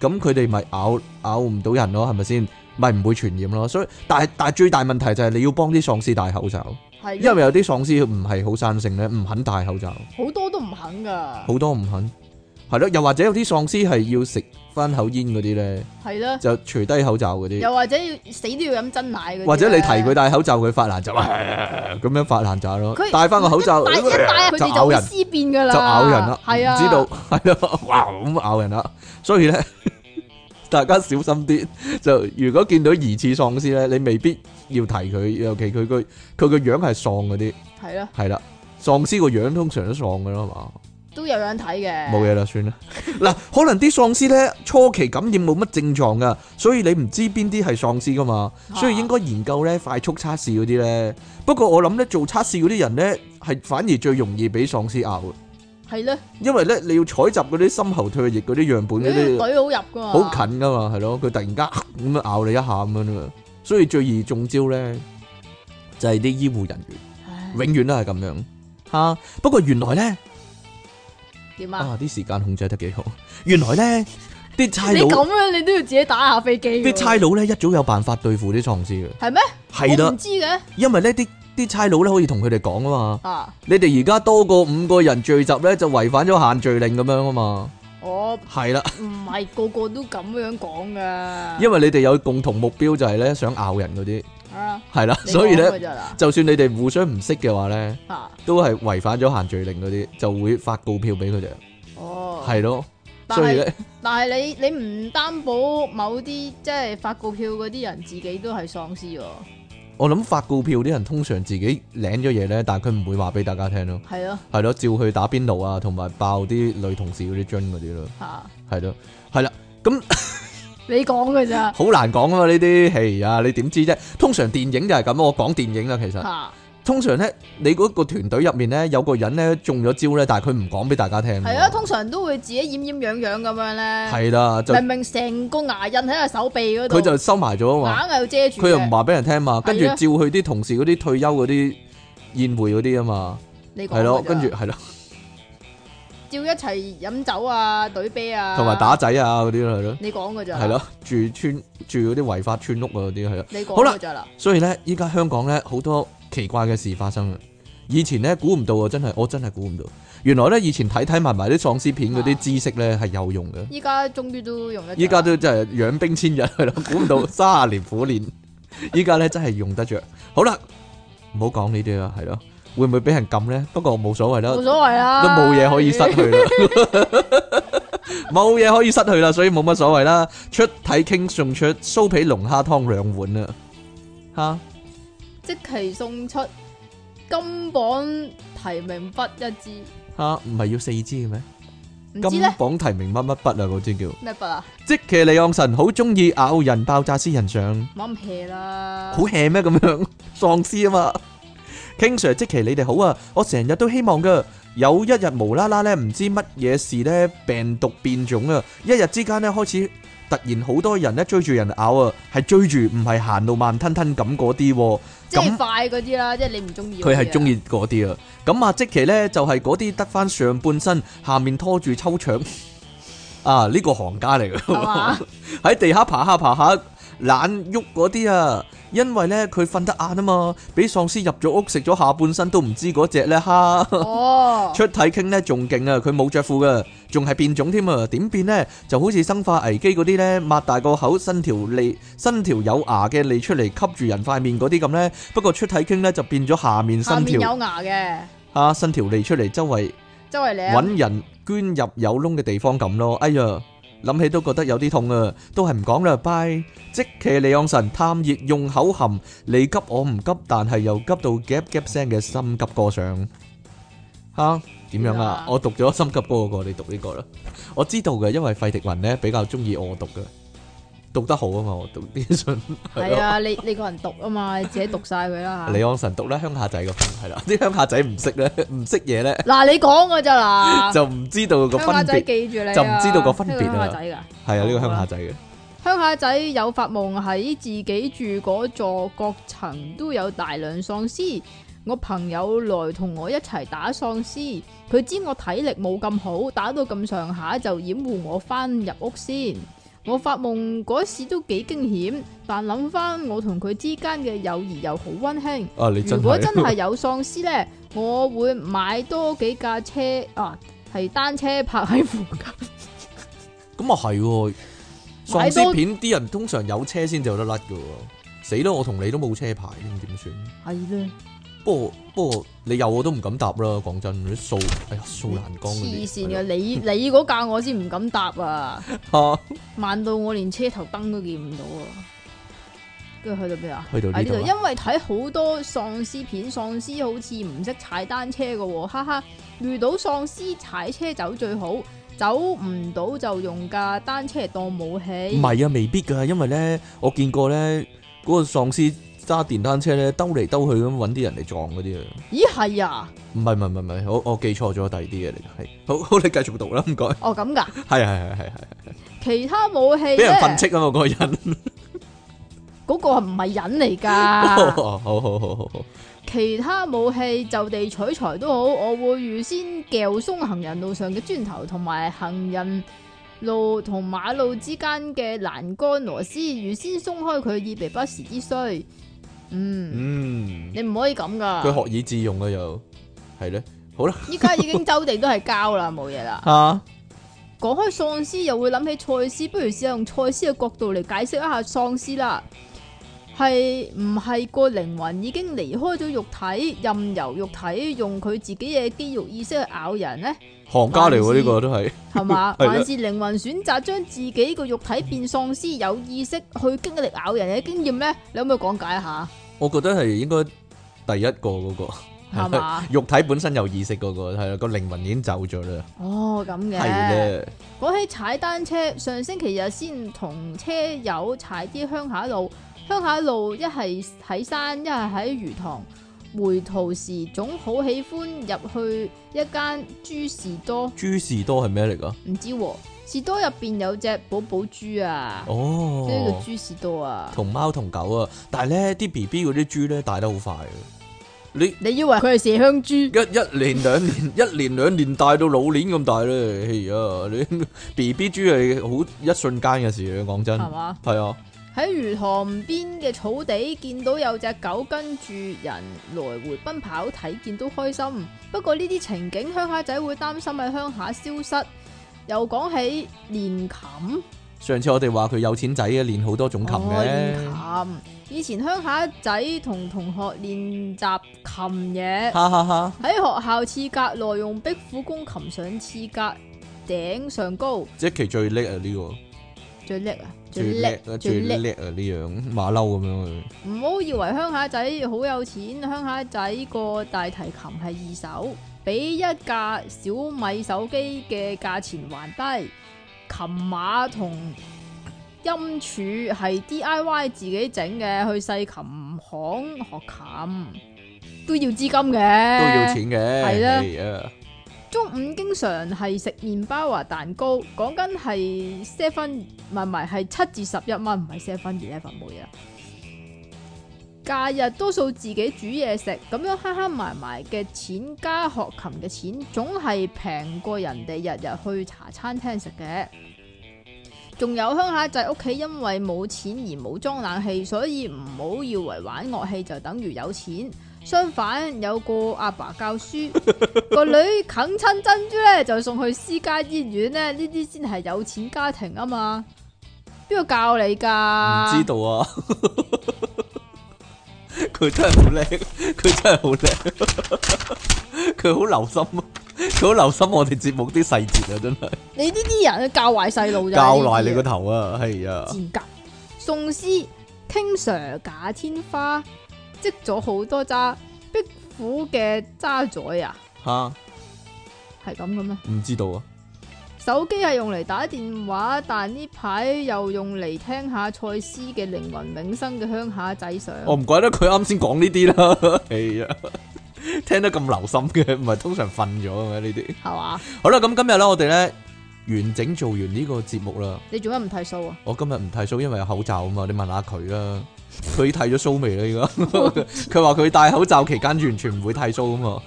咁佢哋咪咬咬唔到人咯，係咪先？咪唔會傳染咯。所以，但係但係最大問題就係你要幫啲喪屍戴口罩，的因為有啲喪屍唔係好生性咧，唔肯戴口罩，好多都唔肯噶，好多唔肯。係咯，又或者有啲喪屍係要食翻口煙嗰啲咧，係咯，就除低口罩嗰啲。又或者要死都要飲珍奶啲。或者你提佢戴口罩，佢發爛渣，咁樣發爛渣咯。戴翻個口罩，戴一戴佢哋就屍變噶啦，就咬人啦。係啊，知道係咯，哇咁咬人啦。所以咧，大家小心啲。就如果見到疑似喪屍咧，你未必要提佢，尤其佢個佢個樣係喪嗰啲，係咯，係啦，喪屍個樣通常都喪噶啦嘛。都有樣睇嘅，冇嘢啦，算啦。嗱， 可能啲喪屍咧，初期感染冇乜症狀噶，所以你唔知邊啲係喪屍噶嘛，所以應該研究咧，快速測試嗰啲咧。啊、不過我諗咧，做測試嗰啲人咧，係反而最容易俾喪屍咬。係咧呢，因為咧你要採集嗰啲深喉唾液嗰啲樣本嗰啲，嘴好入噶，好近噶嘛，係咯，佢突然間咁樣咬你一下咁樣，所以最易中招咧就係、是、啲醫護人員，永遠都係咁樣吓、啊。不過原來咧。啊！啲時間控制得幾好，原來咧啲差佬咁樣，你都要自己打下飛機。啲差佬咧一早有辦法對付啲喪屍嘅，係咩嗎？係啦的，我唔知嘅，因為呢啲啲差佬咧可以同佢哋講啊嘛。啊，你哋而家多過五個人聚集咧，就違反咗限聚令咁樣啊嘛。哦我 的，係啦，唔係個個都咁樣講嘅， 因為你哋有共同目標，就係、是、咧想咬人嗰啲。係啦，所以咧，就算你哋互相唔識嘅話咧，啊、都係違反咗限聚令嗰啲，就會發告票俾佢哋。哦，係咯的。是所以咧，但係你你唔擔保某啲即係發告票嗰啲人自己都係喪屍。我諗發告票啲人通常自己領咗嘢咧，但係佢唔會話俾大家聽咯。係咯、啊，係咯，照去打邊爐啊，同埋爆啲女同事嗰啲樽嗰啲咯。吓、啊，係咯，係啦，咁。 你講噶咋？好難講啊嘛呢啲，係啊，你點知啫？通常電影就係咁，我講電影啦，其實。通常咧，你嗰個團隊入面咧，有個人咧中咗招咧，但係佢唔講俾大家聽。係啊，通常都會自己掩掩揚揚咁樣咧。係啦，明明成個牙印喺個手臂嗰度，佢就收埋咗啊嘛，硬係要遮住。佢又唔話俾人聽嘛，跟住召去啲同事嗰啲退休嗰啲宴會嗰啲啊嘛，係咯，跟住係咯。照一齊飲酒啊，懟啤啊，同埋打仔啊嗰啲係咯。你講噶咋？係咯，住村住嗰啲違法村屋嗰啲係咯。你講好啦，所以咧，依家香港咧好多奇怪嘅事發生。以前咧估唔到啊，真係我真係估唔到。原來咧以前睇睇埋埋啲喪屍片嗰啲知識咧係有用嘅。依家終於都用得。得。依家都真係養兵千日係咯，估唔到卅年苦練，依家咧真係用得着。好啦，唔好講呢啲啦，係咯。會唔會俾人撳咧？不過我冇所謂啦，冇所謂啦，都冇嘢可以失去啦，冇嘢可以失去啦，所以冇乜所謂啦。出體 King 送出酥皮龍蝦湯兩碗啊！吓，積淇送出金榜提名筆一支。吓，唔係要四支嘅咩？金榜提名乜乜筆啊？嗰支叫咩筆啊？積淇離岸神好中意咬人爆炸私人相，冇咁 hea 啦！好 hea 咩咁樣？喪屍啊嘛！King Sir，積淇你哋好啊！我成日都希望噶，有一日無啦啦咧，唔知乜嘢事咧，病毒變種啊！一日之間咧，開始突然好多人咧追住人咬啊，係追住唔係行路慢吞吞咁嗰啲，即係快嗰啲啦，那即係你唔中意佢係中意嗰啲啊！咁啊，積淇咧就係嗰啲得翻上半身，下面拖住抽腸啊，呢、這個行家嚟噶，喺、啊、 地下爬下爬下，爬下。懶喐嗰啲啊，因為呢，佢瞓得晏啊嘛，俾喪屍入咗屋食咗下半身都唔知嗰隻呢。哈，哈。哦， 出體 king 呢仲勁啊，佢冇着褲噶，仲係變種添啊？點變呢？就好似生化危機嗰啲呢，擘大個口伸條脷，伸條有牙嘅脷出嚟吸住人塊面嗰啲咁呢。不過出體 king 呢，就變咗下面伸下面有牙嘅。啊，伸條脷出嚟周圍，周圍嚟、啊、搵人捐入有窿嘅地方咁咯。哎呀！諗起都覺得有啲痛啊，都係唔講啦，拜。積淇離岸神探熱用口含，你急我唔急，但係又急到夾夾聲嘅心急歌上，吓點樣啊？我讀咗心急歌嗰個，你讀呢個啦。我知道嘅，因為費迪雲呢比較中意我讀嘅。讀得好啊嘛，我讀啲信。係啊， 你你個人讀啊嘛，自己讀晒佢啦。李安神讀鄉啦，鄉下仔個係啦，啲鄉下仔唔識咧，唔識嘢咧。嗱，你講噶咋嗱？就唔知道個鄉下仔記住你啊。鄉下仔噶係啊，呢個鄉下仔嘅鄉下仔有發夢喺自己住嗰座各層都有大量喪屍，我朋友來同我一齊打喪屍，佢知我體力冇咁好，打到咁上下就掩護我翻入屋先。我發夢嗰時都幾驚險，但諗翻我同佢之間嘅友誼又好溫馨。啊，如果真係有喪屍咧，我會買多幾架車啊，係單車泊喺附近。咁啊係，喪屍片啲人通常有車先就有得甩噶，死啦！我同你都冇車牌，點算？係咧。不過不過你有我都唔敢搭啦，講真啲掃，哎呀掃欄杆。黐線噶，你你嗰架我先唔敢搭啊！ 慢到我連車頭燈都見唔到啊！跟住去到邊啊？去喺呢度，因為睇好多喪屍片，喪屍好似唔識踩單車噶，哈哈！遇到喪屍踩車走最好，走唔到就用架單車當武器。唔係啊，未必噶，因為咧我見過咧嗰個喪屍。揸電單車咧，兜嚟兜去咁搵啲人嚟撞嗰啲啊！咦，係啊！唔係唔係唔係，我我記錯咗第二啲嘢嚟，係好好，你繼續讀啦，唔該。哦，咁噶？係係係係係，其他武器俾人糞漬啊嘛！嗰 個人嗰個唔係人嚟噶。好好好好好，好好好，其他武器就地取材都好，我會預先撬鬆行人路上嘅磚頭，同埋行人路同馬路之間嘅欄杆螺絲，預先鬆開佢，以備不時之需。嗯嗯，你唔可以咁㗎。佢學以致用啊，又係咧。好啦，依 家已經周地都係膠啦，冇嘢啦。嚇、啊，講開喪屍又會諗起賽斯，不如試下用賽斯嘅角度嚟解釋一下喪屍啦。係唔係個靈魂已經離開咗肉體，任由肉體用佢自己嘅肌肉意識去咬人呢？行家嚟喎，呢個都係係嘛？還是靈魂選擇將自己個肉體變喪屍，有意識去經歷咬人嘅經驗呢？你可唔可以講解一下？我覺得係應該第一個嗰、那個，係吧 肉體本身有意識嗰、那個係啦，個靈魂已經走咗啦。哦，咁嘅。係嘅呢。講起踩單車，上星期日先同車友踩啲鄉下路，鄉下路一係喺山，一係喺魚塘。回途時總好喜歡入去一間豬士多。豬士多係咩嚟噶？唔知喎。士多入邊有隻寶寶豬啊，哦，即呢個豬士多啊，同貓同狗啊，但係咧啲 B B 嗰啲豬咧大得好快啊。你你以為佢係麝香豬？一一年兩年，一年兩年大到老年咁大咧。哎呀，啊，你 B B 豬係好一瞬間嘅事，你講真係嘛？係啊。喺魚塘邊嘅草地見到有隻狗跟住人，人來回奔跑，睇見都開心。不過呢啲情景鄉下仔會擔心喺鄉下消失。又講起練琴，上次我哋話佢有錢仔啊，練好多種琴嘅。哦、練琴，以前鄉下仔同同學練習琴嘢，哈哈哈。喺學校廁格內用壁虎弓琴上廁格頂上高，即係其最叻啊呢、這個，最叻啊，最叻啊，最叻啊呢樣馬騮咁樣。唔好以為鄉下仔好有錢，鄉下仔個大提琴係二手。比一架小米手機嘅價錢還低。琴碼同音柱係 D I Y 自己整嘅，去細琴行學琴都要資金嘅，都要，都要錢嘅係啦。了 Yeah. 中午經常係食麵包呀蛋糕，講緊係 seven 唔係唔係係七至十一蚊，唔係 seven eleven 啊。假日多數自己煮嘢食，咁樣慳慳埋埋嘅錢加學琴嘅錢，總係平過人哋日日去茶餐廳食嘅。仲有鄉下仔屋企因為冇錢而冇裝冷氣，所以唔好以為玩樂器就等於有錢。相反，有個阿爸，爸教書， 個女啃親珍珠呢，就送去私家醫院呢。呢啲先係有錢家庭啊嘛。邊個教你噶？唔知道啊。 佢真係好叻，佢真係好叻，佢好留心啊！佢好留心我哋節目啲細節啊，真係 。你呢啲人教壞細路仔。教壞你個頭啊！係啊。劍閣宋詩 King Sir 假天花積咗好多渣，壁虎嘅渣仔啊！吓蛤，係咁嘅咩？唔知道啊。手機係用嚟打電話，但呢排又用嚟聽下蔡司嘅《靈魂永生》嘅鄉下仔相。我唔、哦、怪得佢啱先講呢啲啦，係啊，聽得咁留心嘅，唔係通常瞓咗嘅咩呢啲？係嘛？ 吧好啦，咁今日咧，我哋咧完整做完呢個節目啦。你做乜唔剃鬚啊？我今日唔剃鬚，因為有口罩啊嘛。你問下佢啦，佢剃咗鬚未啦？而家佢話佢戴口罩期間完全唔會剃鬚啊嘛。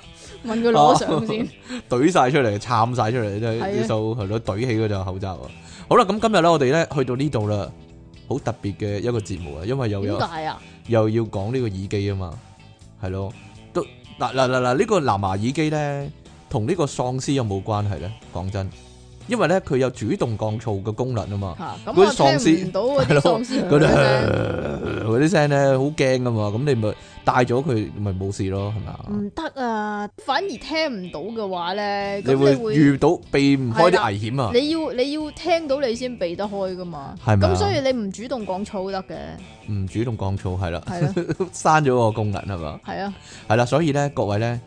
揾佢攞上先、啊，懟晒出嚟，撐晒 出嚟，真係呢首係咯，懟起嗰隻口罩。啊的。好啦，咁今日咧，我哋咧去到呢度啦，好特別嘅一個節目啊，因為又有為、啊、又要講呢個耳機啊嘛，係咯，都嗱嗱嗱嗱，呢、呢個藍牙耳機咧，同呢個喪屍有冇關係咧？講真，因為咧佢有主動降噪嘅功能啊嘛，佢聽唔到嘅喪屍嗰啲嘞聲咧，好驚噶嘛，咁你咪。帶咗佢咪冇事咯，係嘛？唔得啊，反而聽唔到嘅話咧，佢會遇到避唔開啲危險啊，啊！你要你要聽到你先避得開噶嘛？係咁吧所以你唔主動講粗得嘅，唔主動講粗係啦，閂咗吧 個功能係嘛？係啊，係啦，所以咧，各位咧，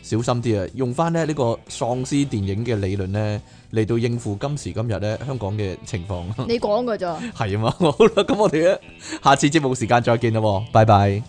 小心啲啊！用翻咧呢、這個喪屍電影嘅理論咧，嚟到應付今時今日咧香港嘅情況。你講噶咋？係啊嘛，好啦，咁我哋咧下次節目時間再見啦，拜拜。